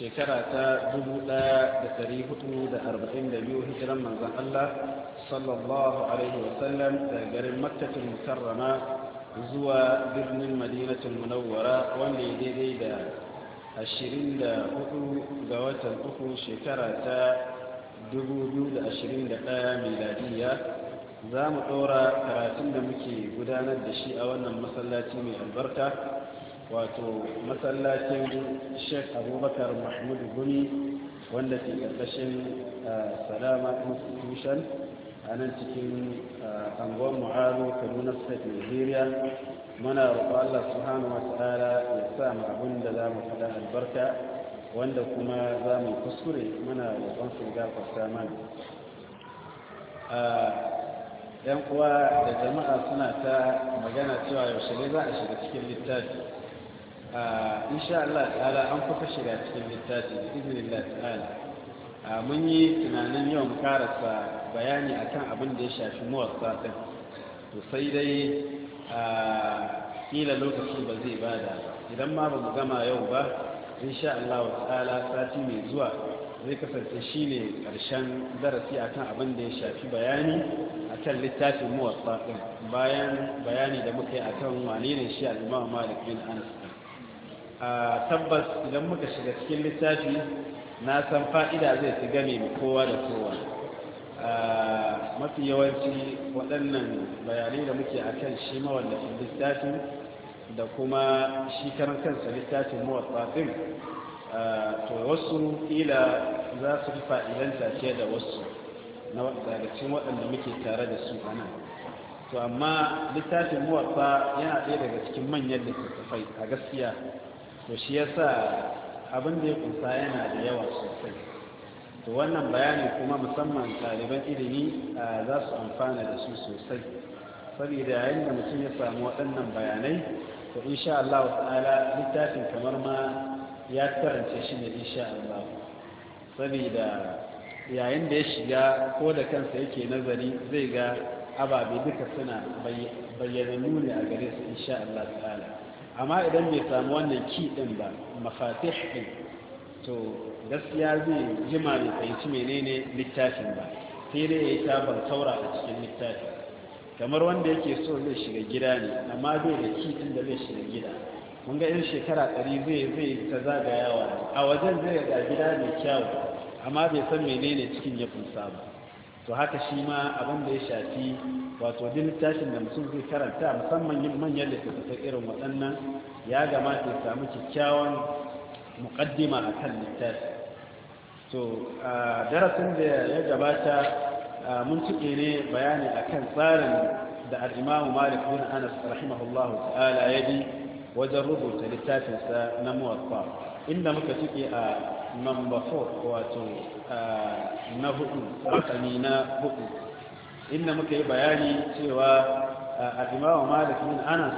shekara ta 1442 hijiran manzan Allah sallallahu alaihi wasallam daga garin makkatul mukarrama zuwa birnin madinatul munawwara wanda ya daidai da 24 ga watan uku shekara ta 2021 miladiya za mu ɗora karatun da muke gudanar da shi a wannan masallaci mai albarka wato masallacin sheikh abubakar mahmud guni wanda ke ƙarƙashin ah, salama institution a nan cikin ah, anguwan mu'aru kaduna state nigeria muna roƙo allah subhanahu wa ta'ala ya sa mu abin da za mu faɗa albarka wanda kuma za mu kuskure muna roƙon su gafarta mana ah, yan uwa da jama'a suna ta magana cewa yaushe ne za a shiga cikin littafi In sha Allah ta'ala an kuka shiga cikin littafi da izinin Allah ta'ala mun yi tunanin yau mu karasa bayani kan abin da ya shafi mawasa ɗin to sai dai kila lokaci ba zai ba da idan ma ba mu gama yau ba in sha Allah ta'ala sati mai zuwa zai kasance shi ne ƙarshen darasi a kan abin da ya shafi bayani a kan littafin mawasa ɗin bayan bayani da muka yi a kan wane ne shi al'umma wa Malik bin Anas a tabbas idan muka shiga cikin littafi na san fa'ida zai fi gane kowa da kowa mafi yawanci waɗannan bayanai da muke a kan shi mawallafin littafi, da kuma shi karan kansa littafin mawatsafin to wasu ila za su fi fa'idanta fiye da wasu na cikin waɗanda muke tare da su a nan to amma littafin muwatsa yana ɗaya daga cikin manyan littattafai a gaskiya to shi yasa abin da ya kusa yana da yawa sosai to wannan bayani kuma musamman ɗaliban ilimi za su amfana da su sosai saboda yayin da mutum ya samu waɗannan bayanai to insha Allah ta'ala littafin kamar ma ya karance shi ne insha Allah saboda yayin da ya shiga ko da kansa yake nazari zai ga ababe duka suna bayyana nuni a gare su insha Allah ta'ala amma idan bai samu wannan ki ɗin ba mafatih ɗin to gaskiya zai jima mai fahimci menene littafin ba sai dai ya yi tabar taura a cikin littafi kamar wanda yake so zai shiga gida ne amma bai da ki ɗin da zai shiga gida mun ga yin shekara ɗari zai zai ta zagayawa a wajen zai ga gida mai kyawu amma bai san menene cikin ya fusa ba to haka shi ma abin da ya shafi wato duk littafin da mutum zai karanta musamman yin manyan littattafai irin waɗannan ya gamata ya samu kyakkyawan muƙaddima a kan littafi to darasin da ya gabata mun cike ne bayani akan tsarin da al'imamu malik bin anas rahimahullahu ta'ala ya bi wajen rubuta littafinsa na muwaffa inda muka cike a Namba 4 wato ah, na hudu rakami na hudu inda muka yi bayani cewa a ah, imamu malik bin anas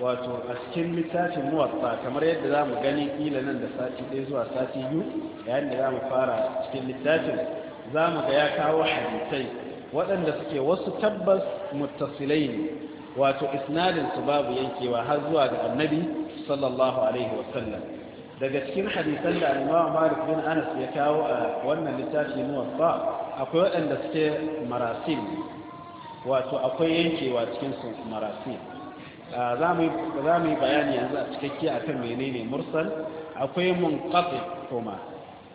wato a cikin littafin muwatta kamar yadda za mu gani kila nan da sati ɗaya zuwa sati biyu yayin da za mu fara cikin littafin za mu ga ya kawo hadisai waɗanda suke wasu tabbas muttasilai ne wato isnadin su babu yankewa har zuwa ga annabi sallallahu alaihi wasallam daga cikin hadisan da alimawa malik bin anas ya kawo a wannan littafi muwaffa akwai waɗanda suke marasin. wato akwai yankewa cikin su marasil za mu yi bayani yanzu a cikakke a kan menene mursal akwai mun munkafi kuma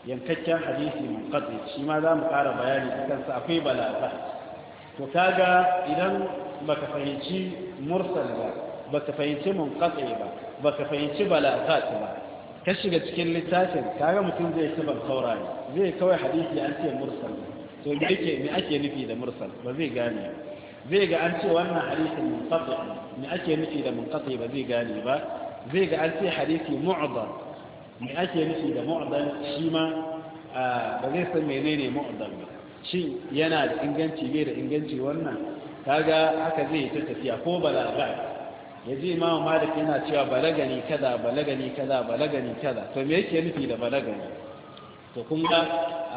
yankakken hadisi mun munkafi shi ma za mu ƙara bayani a kansa akwai balaga to kaga idan baka fahimci mursal ba baka fahimci mun munkafi ba baka fahimci balaga ba ka shiga cikin littafin kaga mutum zai ci ban saura zai kawai hadisi an ce mursal to me yake me ake nufi da mursal ba zai gane zai ga an ce wannan hadisin munqati me ake nufi da munqati ba zai gane ba zai ga an ce hadisi mu'dal me ake nufi da mu'dal shi ma ba zai san menene mu'dal ba shin yana da inganci bai da inganci wannan kaga haka zai ta tafiya ko balaga ya ji imamu malik yana cewa balagani kaza balagani kada, balagani kada, to me yake nufi da balagani to kuma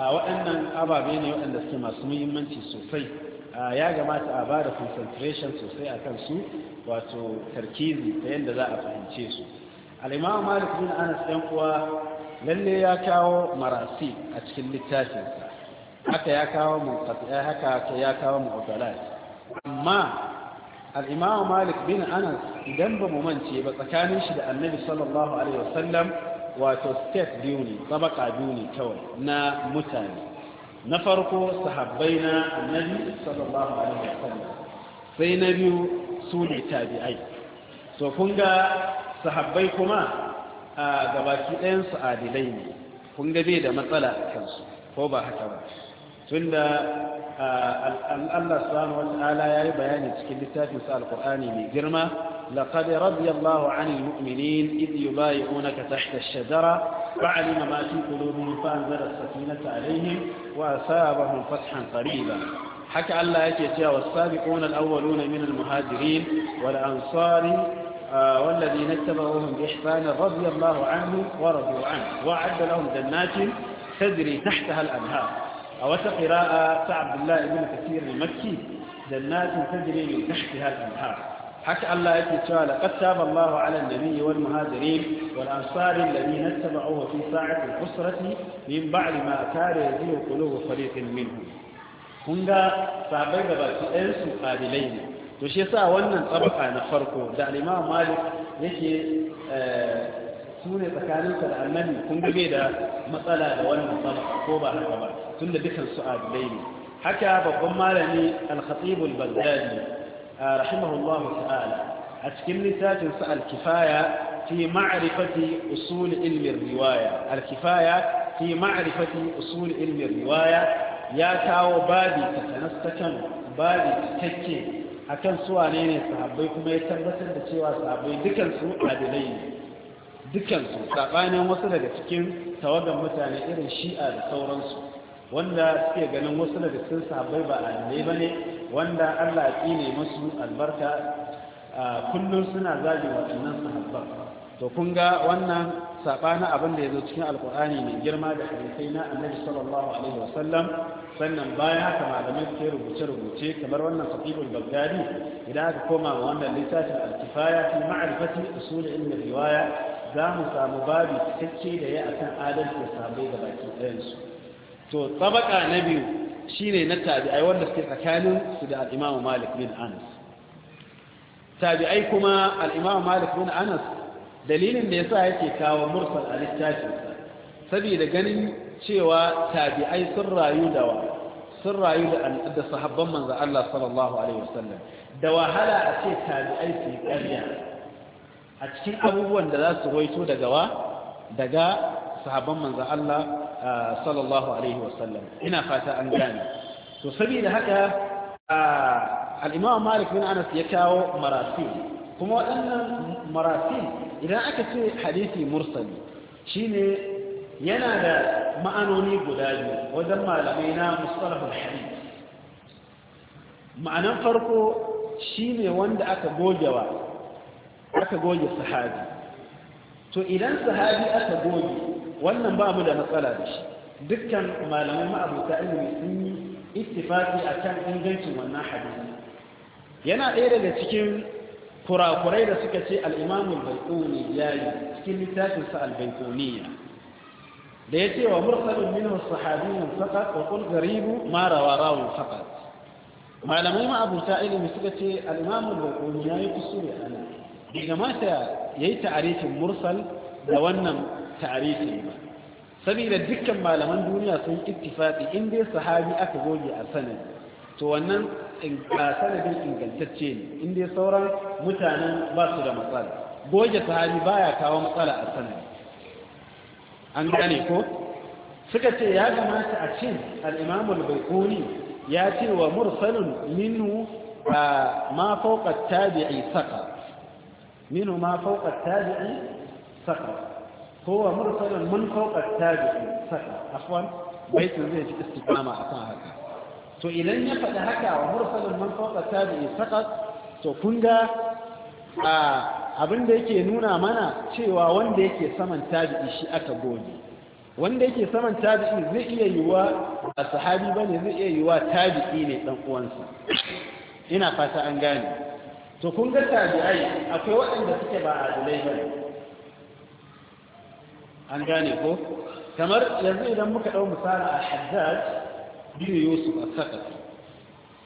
a waɗannan ababe ne waɗanda suke masu muhimmanci sosai ya gamata a ba da concentration sosai a kan su wato tarkizi ta yadda za a fahimce su al'imamu malik bin anas ɗan uwa lalle ya kawo marasi a cikin littafinsa haka ya kawo mu haka ya kawo mu amma al'imam malik bin anas idan ba mu mance ba tsakanin shi da annabi sallallahu alaihi wasallam wato state biyu ne tsabaka biyu ne kawai na mutane na farko sahabbai na annabi sallallahu alaihi wasallam sai na biyu su ne tabi'ai so kun ga sahabbai kuma a gabaki ɗayansu adilai ne kun ga bai da matsala a kansu ko ba haka ba tunda الله سبحانه وتعالى يعني بيان تشكيل التافي سأل القرآني بجرمة لقد رضي الله عن المؤمنين إذ يبايعونك تحت الشجرة وعلم ما في قلوبهم فأنزل السكينة عليهم واثابهم فتحا قريبا حكى الله يتيتيا والسابقون الأولون من المهاجرين والأنصار آه، والذين اتبعوهم بإحسان رضي الله عنهم ورضوا عنه وعد لهم جنات تجري تحتها الأنهار أو قراءة عبد الله بن كثير المكي جنات تجري من تحتها الأنهار حكى الله تعالى قد تاب الله على النبي والمهاجرين والأنصار الذين اتبعوه في ساعة الأسرة من بعد ما كان يزيل قلوب فريق منهم kun ga sabai da baki ɗayansu ƙabilai ne to shi yasa wannan tsabaka na farko da alimam malik yake su ne tsakaninsa tunda dukansu adilai ne haka babban malami al-khatib al-baghdadi rahimahullahu ta'ala a cikin littafin sa al fi ma'rifati usul ilmi riwaya al-kifaya fi ma'rifati usul ilmi riwaya ya kawo babi babi akan su wane ne sahabbai kuma ya tabbatar da cewa sahabbai dukansu adilai ne dukansu sabanin wasu daga cikin tawagan mutane irin shi'a da sauransu wanda suke ganin wasu daga cikin sahabbai ba ne ba ne wanda allah ya ne masu albarka kullum suna zagi waɗannan sahabban to kun ga wannan saɓanin abin da ya zo cikin alkur'ani mai girma da hadisai na annabi sallallahu alaihi wasallam sannan bayan haka malamai suke rubuce-rubuce kamar wannan saqibul bagdadi idan aka koma wa wannan littafin al-kifaya fi ma'rifati usul ilmi riwaya za mu samu babu cikakke da ya akan adalci da sabai da baki ɗayan su to tabaka na biyu shi ne na tabi'ai wanda suke tsakanin su da al Malik bin Anas tabi'ai kuma al Malik bin Anas dalilin da ya yasa yake kawo mursal a littafin saboda ganin cewa tabi'ai sun rayu da wa sun rayu da sahabban manzo Allah sallallahu alaihi wasallam da wahala a ce tabi'ai su ƙarya a cikin abubuwan da za su roito daga wa daga sahabban manzo Allah sallallahu alaihi wasallam ina fata an gane to saboda haka al-imam malik bin anas ya kawo marasil kuma waɗannan marasil idan aka ce hadisi mursali shine yana da ma'anoni guda biyu wajen malamai na mustalahul hadith ma'anan farko shine wanda aka gogewa aka goge sahabi to idan sahabi aka goge wannan ba mu da matsala da shi dukkan malamai ma'abuta ilimi sun yi ittifaki a kan ingancin wannan hadisi yana ɗaya daga cikin kurakurai da suka ce al'imamun baikoni ya yi cikin littafinsa albaikoniya da ya ce wa mursalin minhu sahabiyun fakat wa kul garibu ma rawa rawun fakat malamai ma'abuta ilimi suka ce al'imamun baikoni ya yi kusuri ana bai gamata ya yi ta'arifin mursal da wannan tarihi ba saboda dukkan malaman duniya sun ittifaqi in dai sahabi aka goge a sanadi to wannan sanadin ingantacce ne in dai sauran mutanen ba su da matsala goge sahabi baya kawo matsala a sanadi an gane ko suka ce ya kamata a cin al-imam al ya ce wa mursalun minhu ma fawqa tabi'i saqa minhu ma tabi'i saqa Kowa هو مرسل من فوق التابع عفوا بيت زي akan haka. to idan ya faɗi haka wa mursalin man fauka tabi'i faqat to kun ga abin da yake nuna mana cewa wanda yake saman tabi'i shi aka goge wanda yake saman tabi'i zai iya yiwa a sahabi bane zai iya yiwa tabi'i ne dan uwansa ina fata an gane to kun ga tabi'ai akwai waɗanda suke ba adalai bane an gane ko kamar yanzu idan muka ɗau misali al haddad bin yusuf a sakafi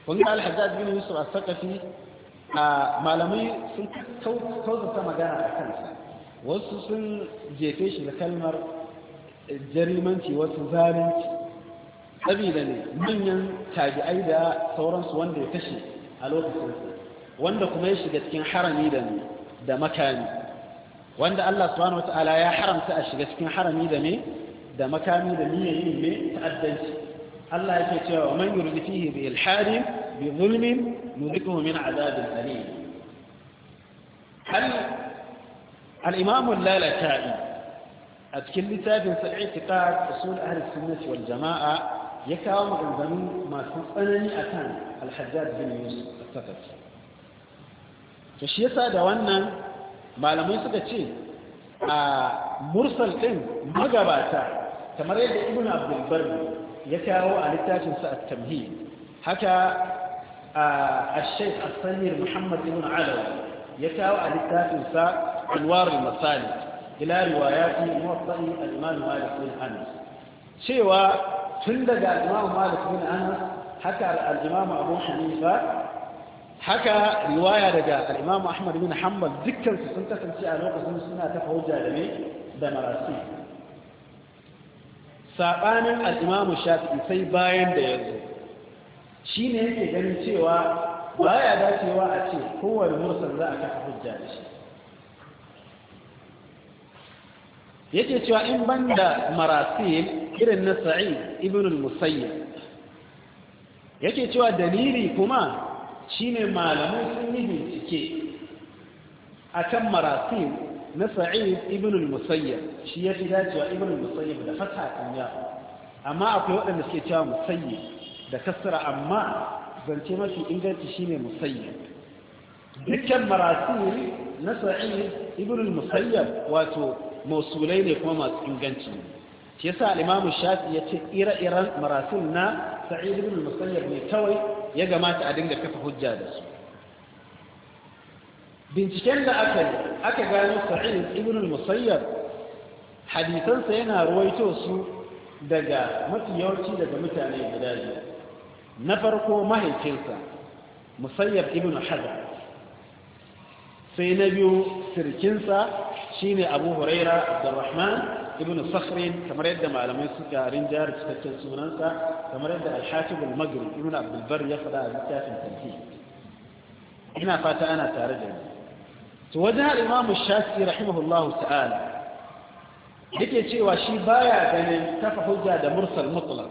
kun ga al-haddad bin yusuf a sakafi a malamai sun kautata magana a kansa wasu sun jefe shi da kalmar jarimanci wasu zalunci saboda ne manyan tabi'ai da sauransu wanda ya kashe a lokacin wanda kuma ya shiga cikin harami da da makami wanda Allah subhanahu wata'ala ya haramta a shiga cikin harami da ne da makami da niyyar yin ne ta'addanci Allah yake cewa man yurdi fihi bi ilhadi bi zulmin nudikuhu min azabin alim hal al-imam al-lalatai a cikin littafin sa'itiqad usul ahli sunnah wal jamaa ya kawo maganganu masu tsanani akan al-hajjaj bin yusuf al to shi yasa da wannan malamai suka ce a mursal ɗin magabata kamar yadda ibn abdulbar ya kawo a littafinsa a tamhi haka a shaif asanir muhammad ibn alawa ya kawo a littafinsa alwarin masali ila riwayati muwaffani al-imam malik bin anas cewa tun daga al-imam malik bin anas haka al-imam abu hanifa haka riwaya daga al-Imam Ahmad bin Hanbal dukkan su sun kasance a lokacin suna ta hujja da ne da marasi sabanin al-Imam Shafi'i sai bayan da yazo ne yake ganin cewa baya dacewa a ce kowane mursal za a kafa hujja da shi yake cewa in banda marasi irin na Sa'id ibn al-Musayyib yake cewa dalili kuma shine malamai sun yi bincike a kan maratin na sa'id ibn al shi ya fi dacewa ibn al da fata a ya amma akwai waɗanda suke cewa musayyab da kasara amma zance mafi inganci shine musayyab dukkan maratin na sa'id ibn al wato mausulai ne kuma masu inganci shi yasa Limamin Shafi ya ce ire-iren maratin na sa'id ibn al ne kawai ya gamata a dinga kafa hujja da su binciken da aka yi aka gano sa'id ibn musayyar hadisansa yana ruwaito su daga mafi yawanci daga mutane guda na farko mahaifinsa musayyar ibn hazar sai na biyu sirkinsa shine abu huraira abdurrahman ibn sakhrin kamar yadda malamai suka rinjar cikakken sunansa kamar yadda al-hakim al-maghrib ibn abdul bar ya faɗa a littafin tafsir ina fata ana tare da ni to wajen al-imam shafi rahimahullahu ta'ala yake cewa shi baya ganin kafa hujja da mursal mutlaq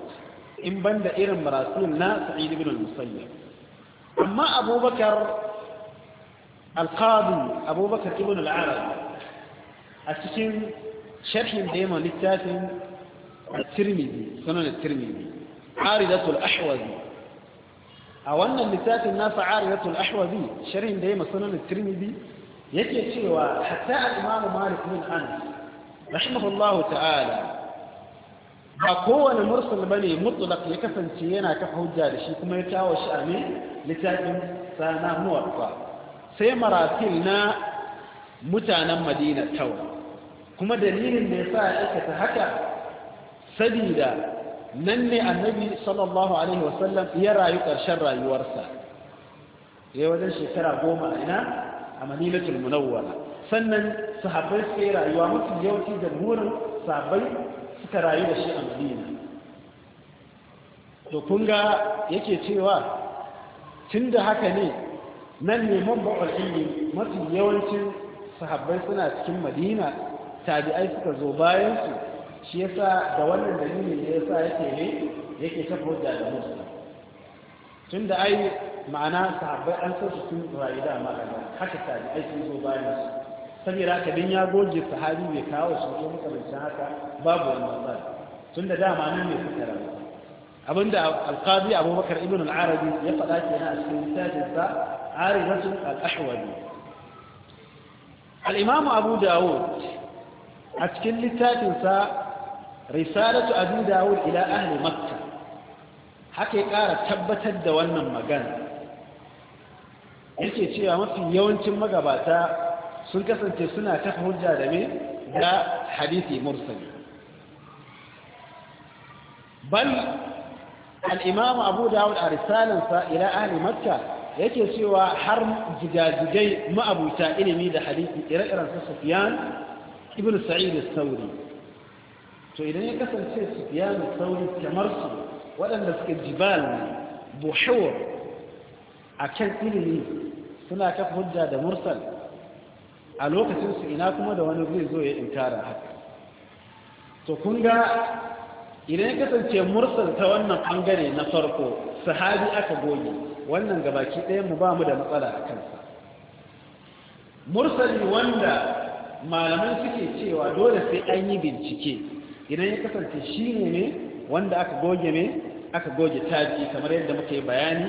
in banda irin marasul na sa'id ibn al-musayyib amma abubakar al-qadi abubakar ibn al-arab a cikin شرح ديما للساسن الترمذي سنن الترمذي عارضة الأحوذي أو أن للساسن نافع عارضة الأحوذي شرح ديما سنن الترمذي يكي سوى حتى الإمام مالك من أنس رحمه الله تعالى بقوة المرسل بني مطلق يكفن سينا كحوجة لشي كما يتعوش أمين لساسن سانا موقع سيما راسلنا متانا مدينة تورا kuma dalilin da ya sa ya aikata haka sabida nan ne annabi sallallahu alaihi wasallam ya rayu ƙarshen rayuwarsa ya wajen shekara goma a ina a manilatul munawwara sannan sahabbai suka yi rayuwa mafi yawanci murin sahabbai suka rayu da shi a madina to kun ga yake cewa tun da haka ne nan ne mabba ilmi mafi yawancin sahabbai suna cikin madina tabi'ai suka zo bayan su shi yasa da wannan dalilin ne yasa yake ne yake ta hujja da musu tunda ai ma'ana sahabbai an san su tun rayu da magana haka tabi'ai sun zo bayan su saboda haka din ya goje sahabi bai kawo su ko makamancin haka babu wani matsala tunda dama nan ne suka rayu abinda alqadi abubakar ibn al-arabi ya faɗa kenan a cikin littafinsa aridatul al-ahwali al-imam abu dawud a cikin littafinsa risalatu abu dawud ila ahli makka haka ya ƙara tabbatar da wannan magana yake cewa mafi yawancin magabata sun kasance suna kafa hujja da me da hadisi mursali bal al-imam abu dawud a risalansa ila ahli makka yake cewa har jigajigai ma'abuta ilimi da hadisi ire-iren su sufyan ibn sa'id al-sauri to idan ya kasance sufyan al-sauri kamar su waɗanda suke jibal buhur kan ilimi suna kafa hujja da mursal a lokacin su ina kuma da wani zai zo ya inkara haka to kun ga idan ya kasance mursal ta wannan bangare na farko sahabi aka goge wannan gabaki ɗayan mu ba mu da matsala a kansa mursali wanda malaman suke cewa dole sai an yi bincike idan ya kasance shi ne wanda aka goge ne aka goge taji kamar yadda muka bayani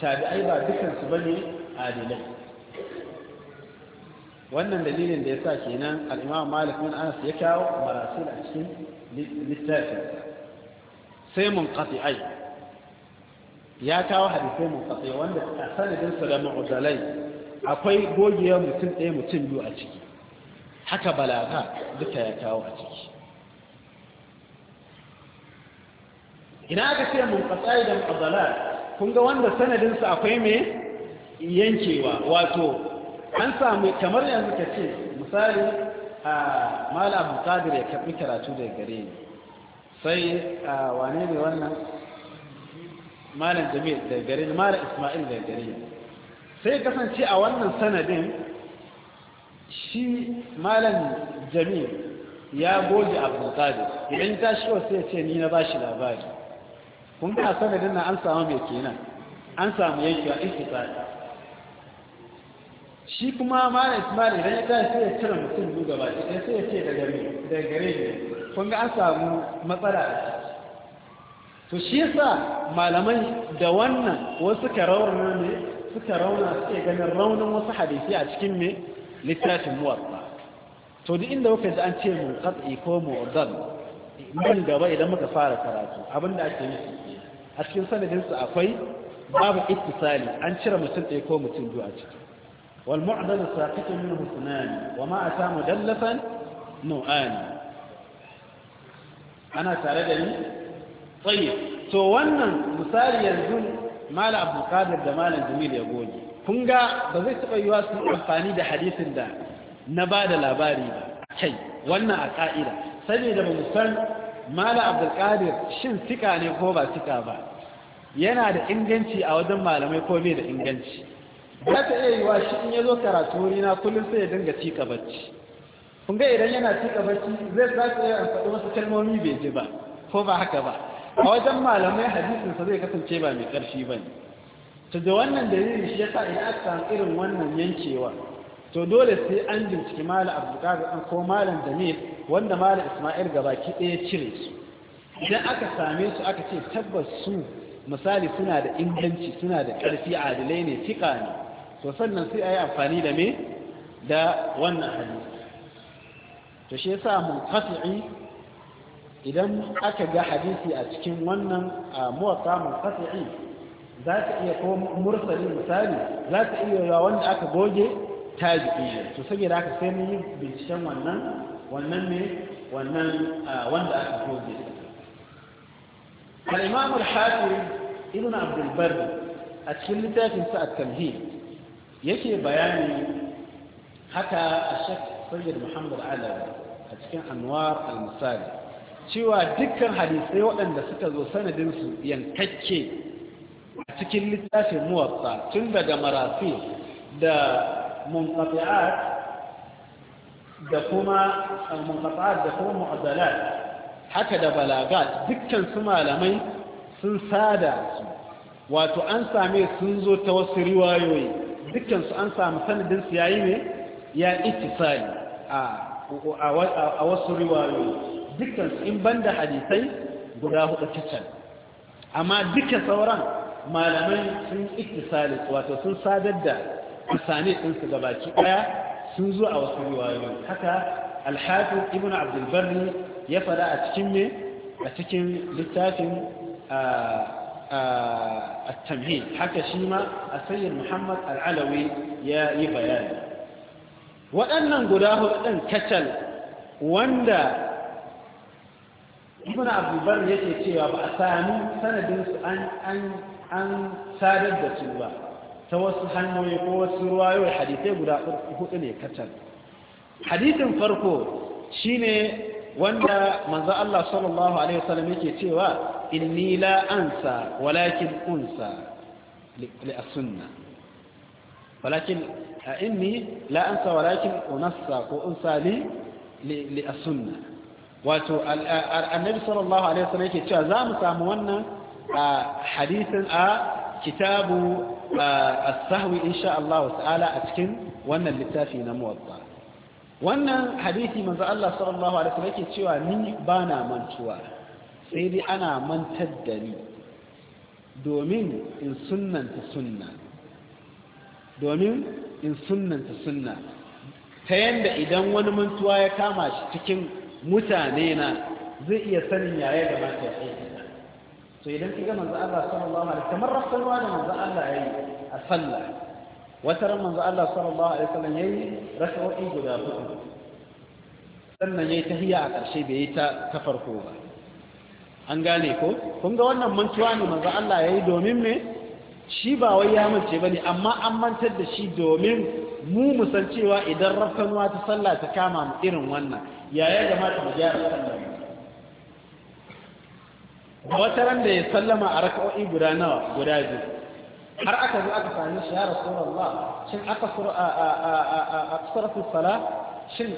taji ai ba dukansu ba ne adilai wannan dalilin da ya sa kenan al'imam malik min anas ya kawo marasul a cikin littafin sai mun ai ya kawo hadisai mun wanda a sanadinsa da ma'udalai akwai gogewa mutum ɗaya mutum biyu a ciki haka balaga duka ya kawo a ciki ina aka ce mun fasai da mu'adala kun ga wanda sanadinsa akwai mai yankewa wato an samu kamar yanzu ka ce misali a mala abu kadir ya karbi karatu da gare ne sai a wane ne wannan malam jami'ar da gare ne mala ismail da gare ne sai kasance a wannan sanadin shi malam jami'in ya goge abdulkadir idan ta shi wasu ya ce ni na ba shi labari kun ba sanadin na an samu mai kenan an samu yankewa tsari shi kuma malam ismail idan ya ta sai ya cire mutum biyu gaba idan sai ya ce daga gare ne kun ga an samu matsala a ciki to shi yasa malamai da wannan wasu karawar rauna ne suka rauna suke ganin raunin wasu hadisi a cikin me littafin muwatta to duk inda muka ji an ce mun katsi ko mu'dal mun gaba idan muka fara karatu abinda ake nufi a cikin sanadin su akwai babu ittisali an cire mutum ɗaya ko mutum biyu a ciki wal mu'dal saqitu minhu sunan wa ma ata mudallafan nu'an ana tare da ni tsaye to wannan misali yanzu mala abdulkadir da malam jamil ya goge kun ga ba zai taɓa yiwa su amfani da hadisin da na ba da labari ba kai wannan a ƙa'ida saboda ba san mala abdulkadir shin sika ne ko ba sika ba yana da inganci a wajen malamai ko bai da inganci za ta iya yiwa shi in ya zo karatu wurina kullum sai ya dinga cika bacci kun ga idan yana cika bacci zai za ta iya faɗi wasu kalmomi bai ji ba ko ba haka ba a wajen malamai hadisinsa zai kasance ba mai ƙarfi ba ne to da wannan dalilin shi yasa idan aka samu irin wannan yankewa to dole sai an binciki malam abdulkadir an ko malam damir wanda malam isma'il gabaki ɗaya cire su idan aka same su aka ce tabbas su misali suna da inganci suna da ƙarfi adilai ne fika ne to sannan sai a yi amfani da me da wannan hadisi to shi yasa munqati'i idan aka ga hadisi a cikin wannan a mun munqati'i za ta iya ko mursali misali za ta iya yawa wanda aka goge ta jiki to saboda haka sai mun yi binciken wannan wannan ne wannan wanda aka goge al-imam al-hafiz ibn abd al-barr a cikin littafin sa at-tamhid yake bayani haka ashak sayyid muhammad alawi a cikin anwar al-musali cewa dukkan hadisai waɗanda suka zo sanadinsu yankakke cikin littafin muwatsa tun daga marafi da munqati'at da kuma munqati'at da kuma mu'addalat haka da balagat dukkan su malamai sun sada su wato an same sun zo ta wasu riwayoyi dukkan su an samu sanadin su yayi ne ya ittisali a a wasu riwayoyi dukkan su in banda hadisai guda hudu kicin amma dukkan sauran malamai sun ittisali wato sun sadar da asani ɗinsu da baki ɗaya sun zo a wasu riwayoyi haka alhafi ibn abdulbarri ya fada a cikin ne cikin littafin a haka shi ma a sayyid muhammad al'alawi ya yi bayani waɗannan guda hudu ɗin kacal wanda ibn abubar yake cewa ba a sami sanadinsu an sadar da su ba ta wasu hanyoyi ko wasu ruwayoyi hadisai guda hudu ne kacal hadisin farko shine wanda manzo Allah sallallahu alaihi wasallam yake cewa inni la ansa walakin unsa li as-sunna walakin inni la ansa walakin unsa ko unsa li li as-sunna wato annabi sallallahu alaihi wasallam yake cewa za mu samu wannan hadisin a kitabu as-sahwi insha Allah ta'ala a cikin wannan littafi na muwatta wannan hadisi manzo Allah sallallahu alaihi wasallam yake cewa ni bana mantuwa sai dai ana mantar da ni domin in sunnanta sunna domin in sunnanta sunna ta yanda idan wani mantuwa ya kama shi cikin mutane na zai iya sanin yaya da mata aiki to idan kiga manzo Allah sallallahu alaihi kamar rafsalwa da manzo Allah yayi a sallah wata ran manzo Allah sallallahu alaihi wasallam yayi rak'o'i guda hudu sannan yayi tahiyya a ƙarshe bai yi ta ta farko ba an gane ko kun ga wannan mantuwa ne manzo Allah yayi domin me shi ba wai ya mance bane amma an mantar da shi domin mu musan cewa idan rafsalwa ta sallah ta kama mu irin wannan ya ya gamata mu gyara sallar a wata ran da ya sallama a raka'o'i guda nawa guda biyu har aka zo aka sami shi ya rasulullah shin aka sura a a a a a sala shin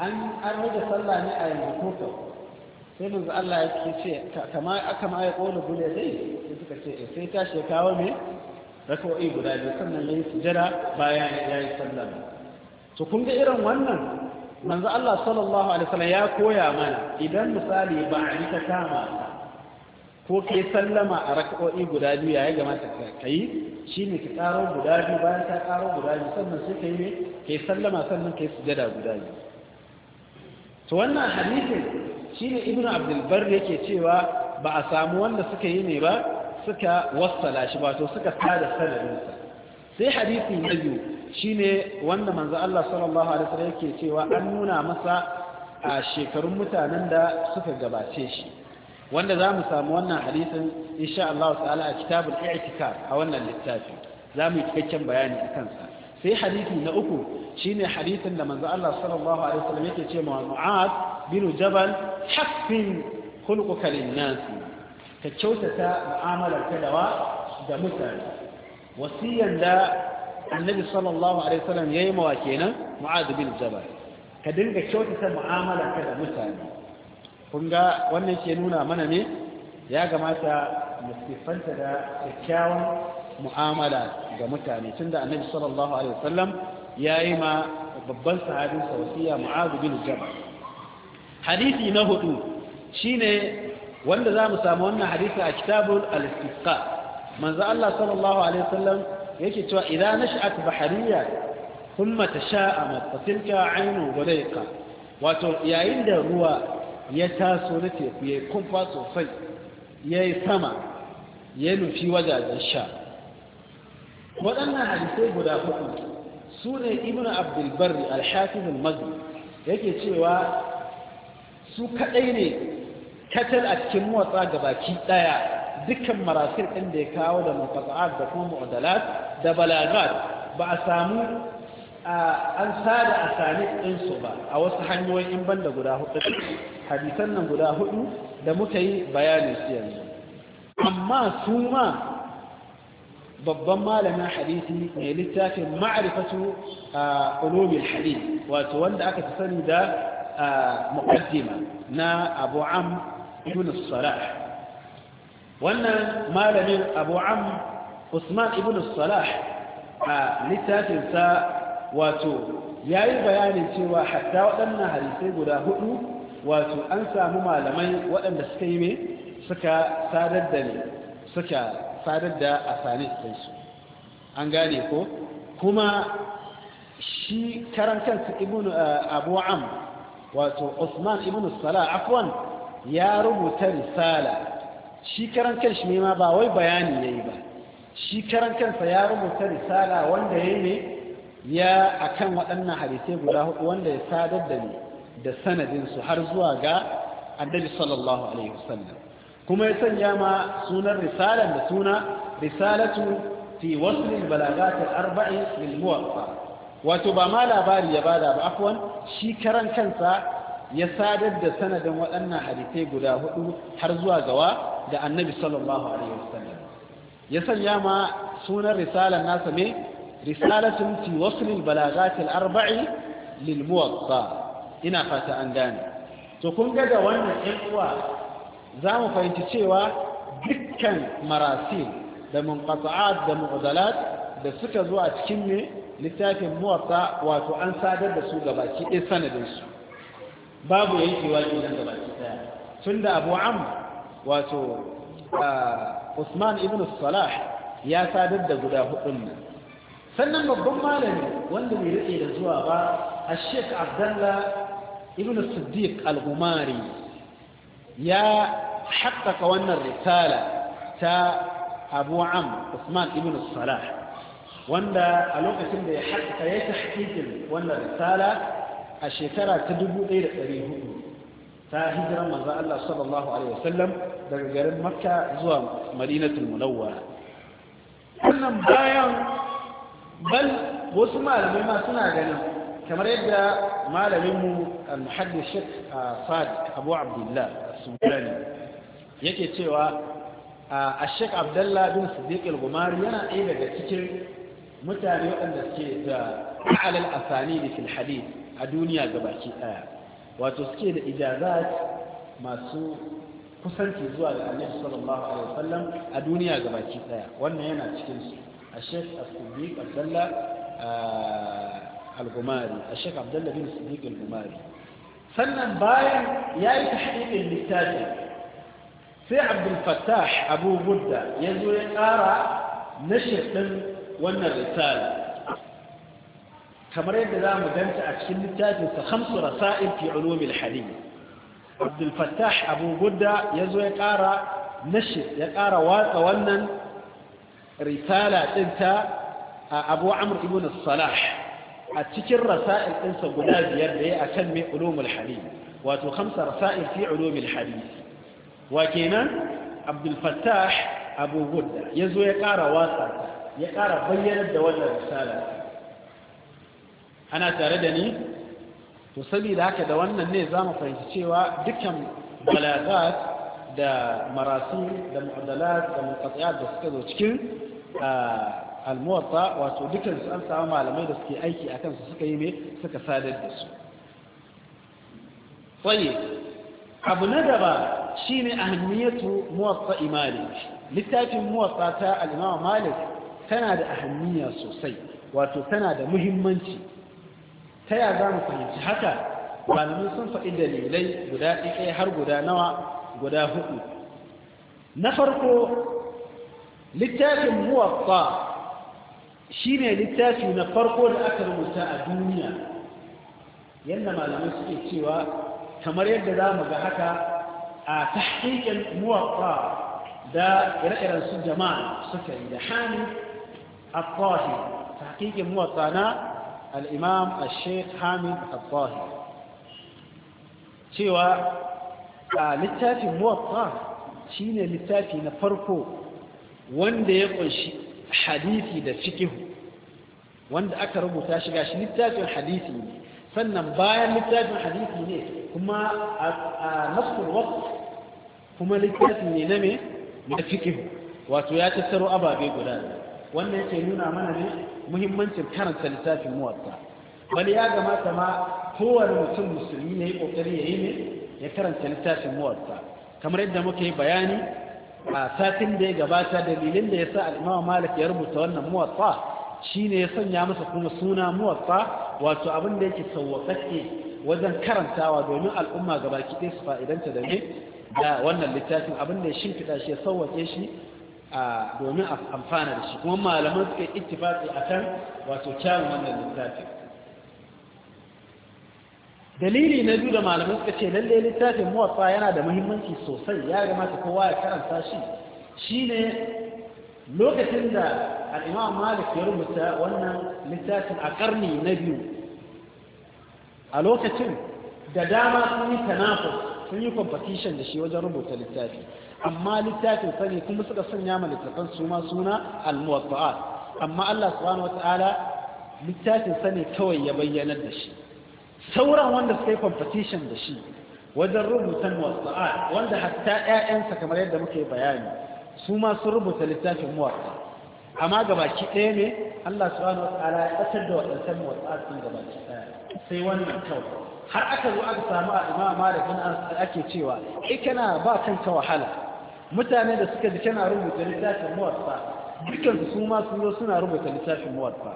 an an rage sallah ne a yanzu ko ko sai manzo Allah ya ce kama aka ma ya kola gule dai sai suka ce eh, sai ta shekawa me raka'o'i guda biyu sannan yayi sujada bayan yi sallama to kun ga irin wannan manzo Allah sallallahu alaihi wasallam ya koya mana idan misali ba a ta kama ko kai sallama a rak'o'i guda biyu yayin gama ta kai shine ki karo guda biyu bayan ka karo guda biyu sannan sai kai ne kai sallama sannan kai sujada guda biyu to wannan hadisin shine Ibn abdul bar yake cewa ba a samu wanda suka yi ne ba suka wassala shi ba to suka tada sanadinsa sai hadisi na biyu shine wanda manzo Allah sallallahu alaihi wasallam yake cewa an nuna masa a shekarun mutanen da suka gabace shi wanda za mu samu wannan hadisin insha Allah ta'ala a kitabul i'tikaf a wannan littafi za mu yi cikakken bayani a kansa. sai hadisi na uku shine hadisin da manzo Allah sallallahu alaihi wasallam yake ce wa Mu'ad bin Jabal haqqin khuluquka lin-nas ka kyautata mu'amalar ka da mutane wasiyan da annabi sallallahu alaihi wasallam yayi mawa kenan mu'adh bin jabal ka dinga kyautata mu'amala ka da mutane kun ga wannan ke nuna mana ne ya gamata mu sifanta da kyakkyawan mu'amala ga mutane tunda annabi sallallahu alaihi wasallam yayi ma babban sahabin sa wasiya mu'adh bin jabal hadisi na hudu shine wanda za mu samu wannan hadisi a kitabul al-istisqa manzo Allah sallallahu alaihi wasallam yake cewa idan nash'at bahariya thumma tasha'amat fatilka 'aynu ghaliqa wato yayin da ruwa ya taso na teku ya kumfa sosai ya yi sama ya nufi wajajen sha waɗannan hadisai guda hudu su ne ibn abdulbar alhafizul mazi yake cewa su kaɗai ne katal a cikin motsa ga baki ɗaya dukkan marasir ɗin da ya kawo da munqata'at da kuma mu'adalat da balagat ba a samu an sada a ɗin su ba a wasu hanyoyin in banda guda hudu hadisan nan guda hudu da muka yi bayanin su yanzu amma su ma babban malamin hadisi mai littafin ma'arifatu a ulumil hadis wato wanda aka fi sani da muqaddima na abu am ibn salah wannan malamin abu am usman ibn salah a littafinsa wato ya yi bayanin cewa hatta waɗannan hadisai guda hudu wato an samu malamai waɗanda suka yi mai suka sadar da ne suka sadar da a sani su an gane ko kuma shi karan kansa ibn abu am wato usman ibn salah afwan ya rubuta risala shi karan kanshi ne ma ba wai bayani ya yi ba shi karan kansa ya rubuta risala wanda ya ne ya akan waɗannan hadisai guda hudu wanda ya sadar da ni da sanadinsu har zuwa ga annabi sallallahu alaihi wasallam kuma ya sanya ma sunan risalan da suna risalatu fi waslil balagat al-arba'i lil muwaffa wato ba ma labari ya bada ba afwan shi karan kansa ya sadar da sanadin waɗannan hadisai guda hudu har zuwa gawa da annabi sallallahu alaihi wasallam ya sanya ma sunan risalar nasa ne risalatun fi waslil balagatil arba'i lil muwatta ina fata an gane to kun ga da wannan ɗan uwa za mu fahimci cewa dukkan marasil da munqata'at da mu'dalat da suka zo a cikin ne littafin muwatta wato an sadar da su gabaki ɗaya sanadin su babu yankewa kenan da baki daya tunda abu am wato usman ibn salah ya sadar da guda hudun nan sannan babban malami wanda mai rike da zuwa ba ashek abdallah ibn siddiq al-umari ya haƙƙaƙa wannan risala ta abu am usman ibn salah wanda a lokacin da ya haƙƙaƙa ya ta wannan risala a shekara ta 1400 ta hijira manzo Allah sallallahu alaihi wasallam daga garin Makka zuwa Madinatul Munawwara wannan bayan bal wasu malamai ma suna ganin kamar yadda malaminmu al-muhaddis Sheikh ah, Sadiq Abu Abdullah as yake cewa a ah, Sheikh Abdullah bin Siddiq al-Gumari yana ɗaya daga cikin mutane waɗanda suke da alal asani da fil hadith a duniya gabaki daya wato suke da ijazat masu kusanci zuwa ga annabi sallallahu alaihi wasallam a duniya gabaki daya wannan yana cikin su الشيخ الصديق عبد الله الغماري الشيخ عبد الله بن الصديق الغماري sannan bayan ya yi tahqiqin littafi sai Abdul Fattah Abu Budda ya zo ya ƙara nashir din wannan risala kamar yadda za mu ganta a cikin littafinsa hamsu rasa'in fi ulumil hadith abdul fattah abu gudda ya zo ya ƙara nashi ya ƙara watsa wannan risala ɗinta a abu amur ibn salah a cikin rasa'il ɗinsa guda biyar da ya a kan ulumul hadith wato hamsa rasa'il fi ulumul hadith wa kenan abdul fattah abu gudda ya zo ya ƙara watsa ya ƙara bayyana da wannan risala ana tare da ni to saboda haka da wannan ne za mu fahimci cewa dukkan balagat da marasim da mu'adalat da munqati'at da suka zo cikin al-muwatta wato dukkan su an samu malamai da suke aiki akan su suka yi me suka sadar da su tayyib abu na gaba shine ahammiyatu muwatta malik littafin muwatta ta al-imam malik tana da ahammiya sosai wato tana da muhimmanci ta ya za mu fahimci haka malamai sun faɗi dalilai guda ɗaya har guda nawa guda hudu na farko littafin muwaffa shi ne littafi na farko da aka rubuta a duniya yadda malamai suke cewa kamar yadda za mu ga haka a tahqiqin muwaffa da ire-iren su jama'a suka yi da hani a tahqiqin muwaffa na al'imam a sheik hamid al cewa a littafin muwatta shi littafi na farko wanda ya ƙunshi hadisi da fikihu wanda aka rubuta shiga shi littafin hadisi ne sannan bayan littafin hadisi ne kuma a nasul kuma littafi ne na me na fikihu wato ya tattaro ababe guda biyu wanda yake nuna mana ne muhimmancin karanta littafin muwatta bali ya gamata ma kowane mutum musulmi ya yi kokari ya yi ne ya karanta littafin muwatta kamar yadda muka yi bayani a satin da ya gabata dalilin da ya sa al'imama malik ya rubuta wannan muwatta shine ya sanya masa kuma suna muwatta wato abin da yake sauwaƙaƙe wajen karantawa domin al'umma gabaki ɗaya su fa'idanta da ne da wannan littafin abin da ya shimfiɗa shi ya sauwaƙe shi a domin amfana da shi kuma malaman suka yi a akan wato kyawun wannan littafi dalili na biyu da malaman suka ce lalle littafin muwaffa yana da muhimmanci sosai ya gamata kowa ya karanta shi shine lokacin da al'imam malik ya rubuta wannan littafin a karni na biyu a lokacin da dama sun yi tanafus sun yi competition da shi wajen rubuta littafi amma littafin sa ne kuma suka sanya ma littafan su ma suna al amma Allah subhanahu wata'ala littafin sa ne kawai ya bayyana da shi sauran wanda suka yi competition da shi wajen rubuta muwatta'at wanda hatta ƴaƴansa kamar yadda muke bayani su ma sun rubuta littafin muwatta amma gabaki ɗaya ne Allah subhanahu wata'ala ya ɓatar da waɗansan muwatta'at sun gabaki ɗaya sai wannan kawai har aka zo aka samu a imama da kan ake cewa ikana eh, ba kanka wahala mutane da suka ji kana rubuta littafin muwatta dukkan su ma sun zo suna rubuta littafin muwatta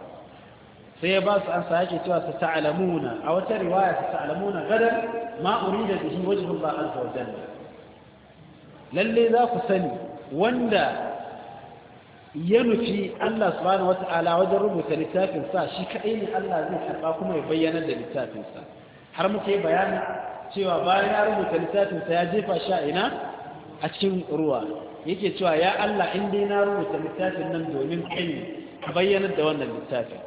sai ya ba su an sa yake cewa ta ta'lamuna a wata riwaya ta ta'lamuna gadan ma urida bihi wajhu ba azza wa jalla lalle za ku sani wanda ya nufi Allah subhanahu wata'ala wajen rubuta littafin sa shi kaɗai ne Allah zai karba kuma ya bayyana da littafin sa har muke bayani cewa bayan ya rubuta littafin sa ya jefa shi a ina a cikin ruwa yake cewa ya Allah in dai na rubuta littafin nan domin kai ka bayyanar da wannan littafin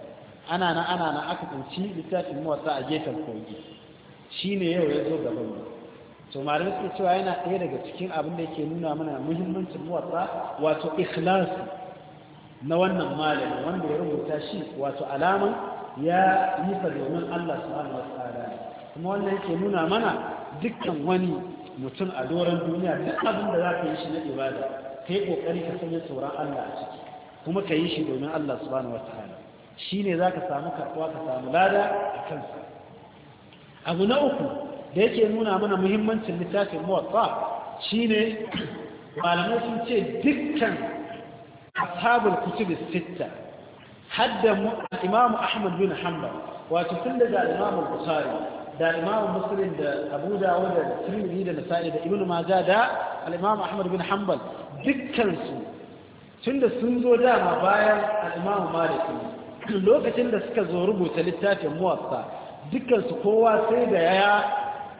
ana na ana na aka tsinci littafin wasa a gefen kogi shine yau ya zo gaban mu to malamin cewa yana ɗaya daga cikin abin da yake nuna mana muhimmancin mawasa wato ikhlas na wannan malamin wanda ya rubuta shi wato alaman ya yi fa domin Allah subhanahu wa ta'ala kuma wannan yake nuna mana dukkan wani mutum a doron duniya duk abin da za ka yi shi na ibada ka yi ƙoƙari ka sanya sauran Allah a ciki kuma ka yi shi domin Allah subhanahu wa ta'ala shi ne za ka samu karɓuwa ka samu lada a kansa abu na uku da yake nuna mana muhimmancin littafin muwatsa shi ne malamai sun ce dukkan ashabul kutubis sitta hadda imamu ahmad bin hanbal wato tun daga imamu bukhari da imamu muslim da abu dawo da tirmidhi da nasa'i da ibnu maja da al-imamu ahmad bin hanbal dukkansu tunda sun zo dama bayan al-imamu malik lokacin da suka zo rubuta littafin muwatta su kowa sai da ya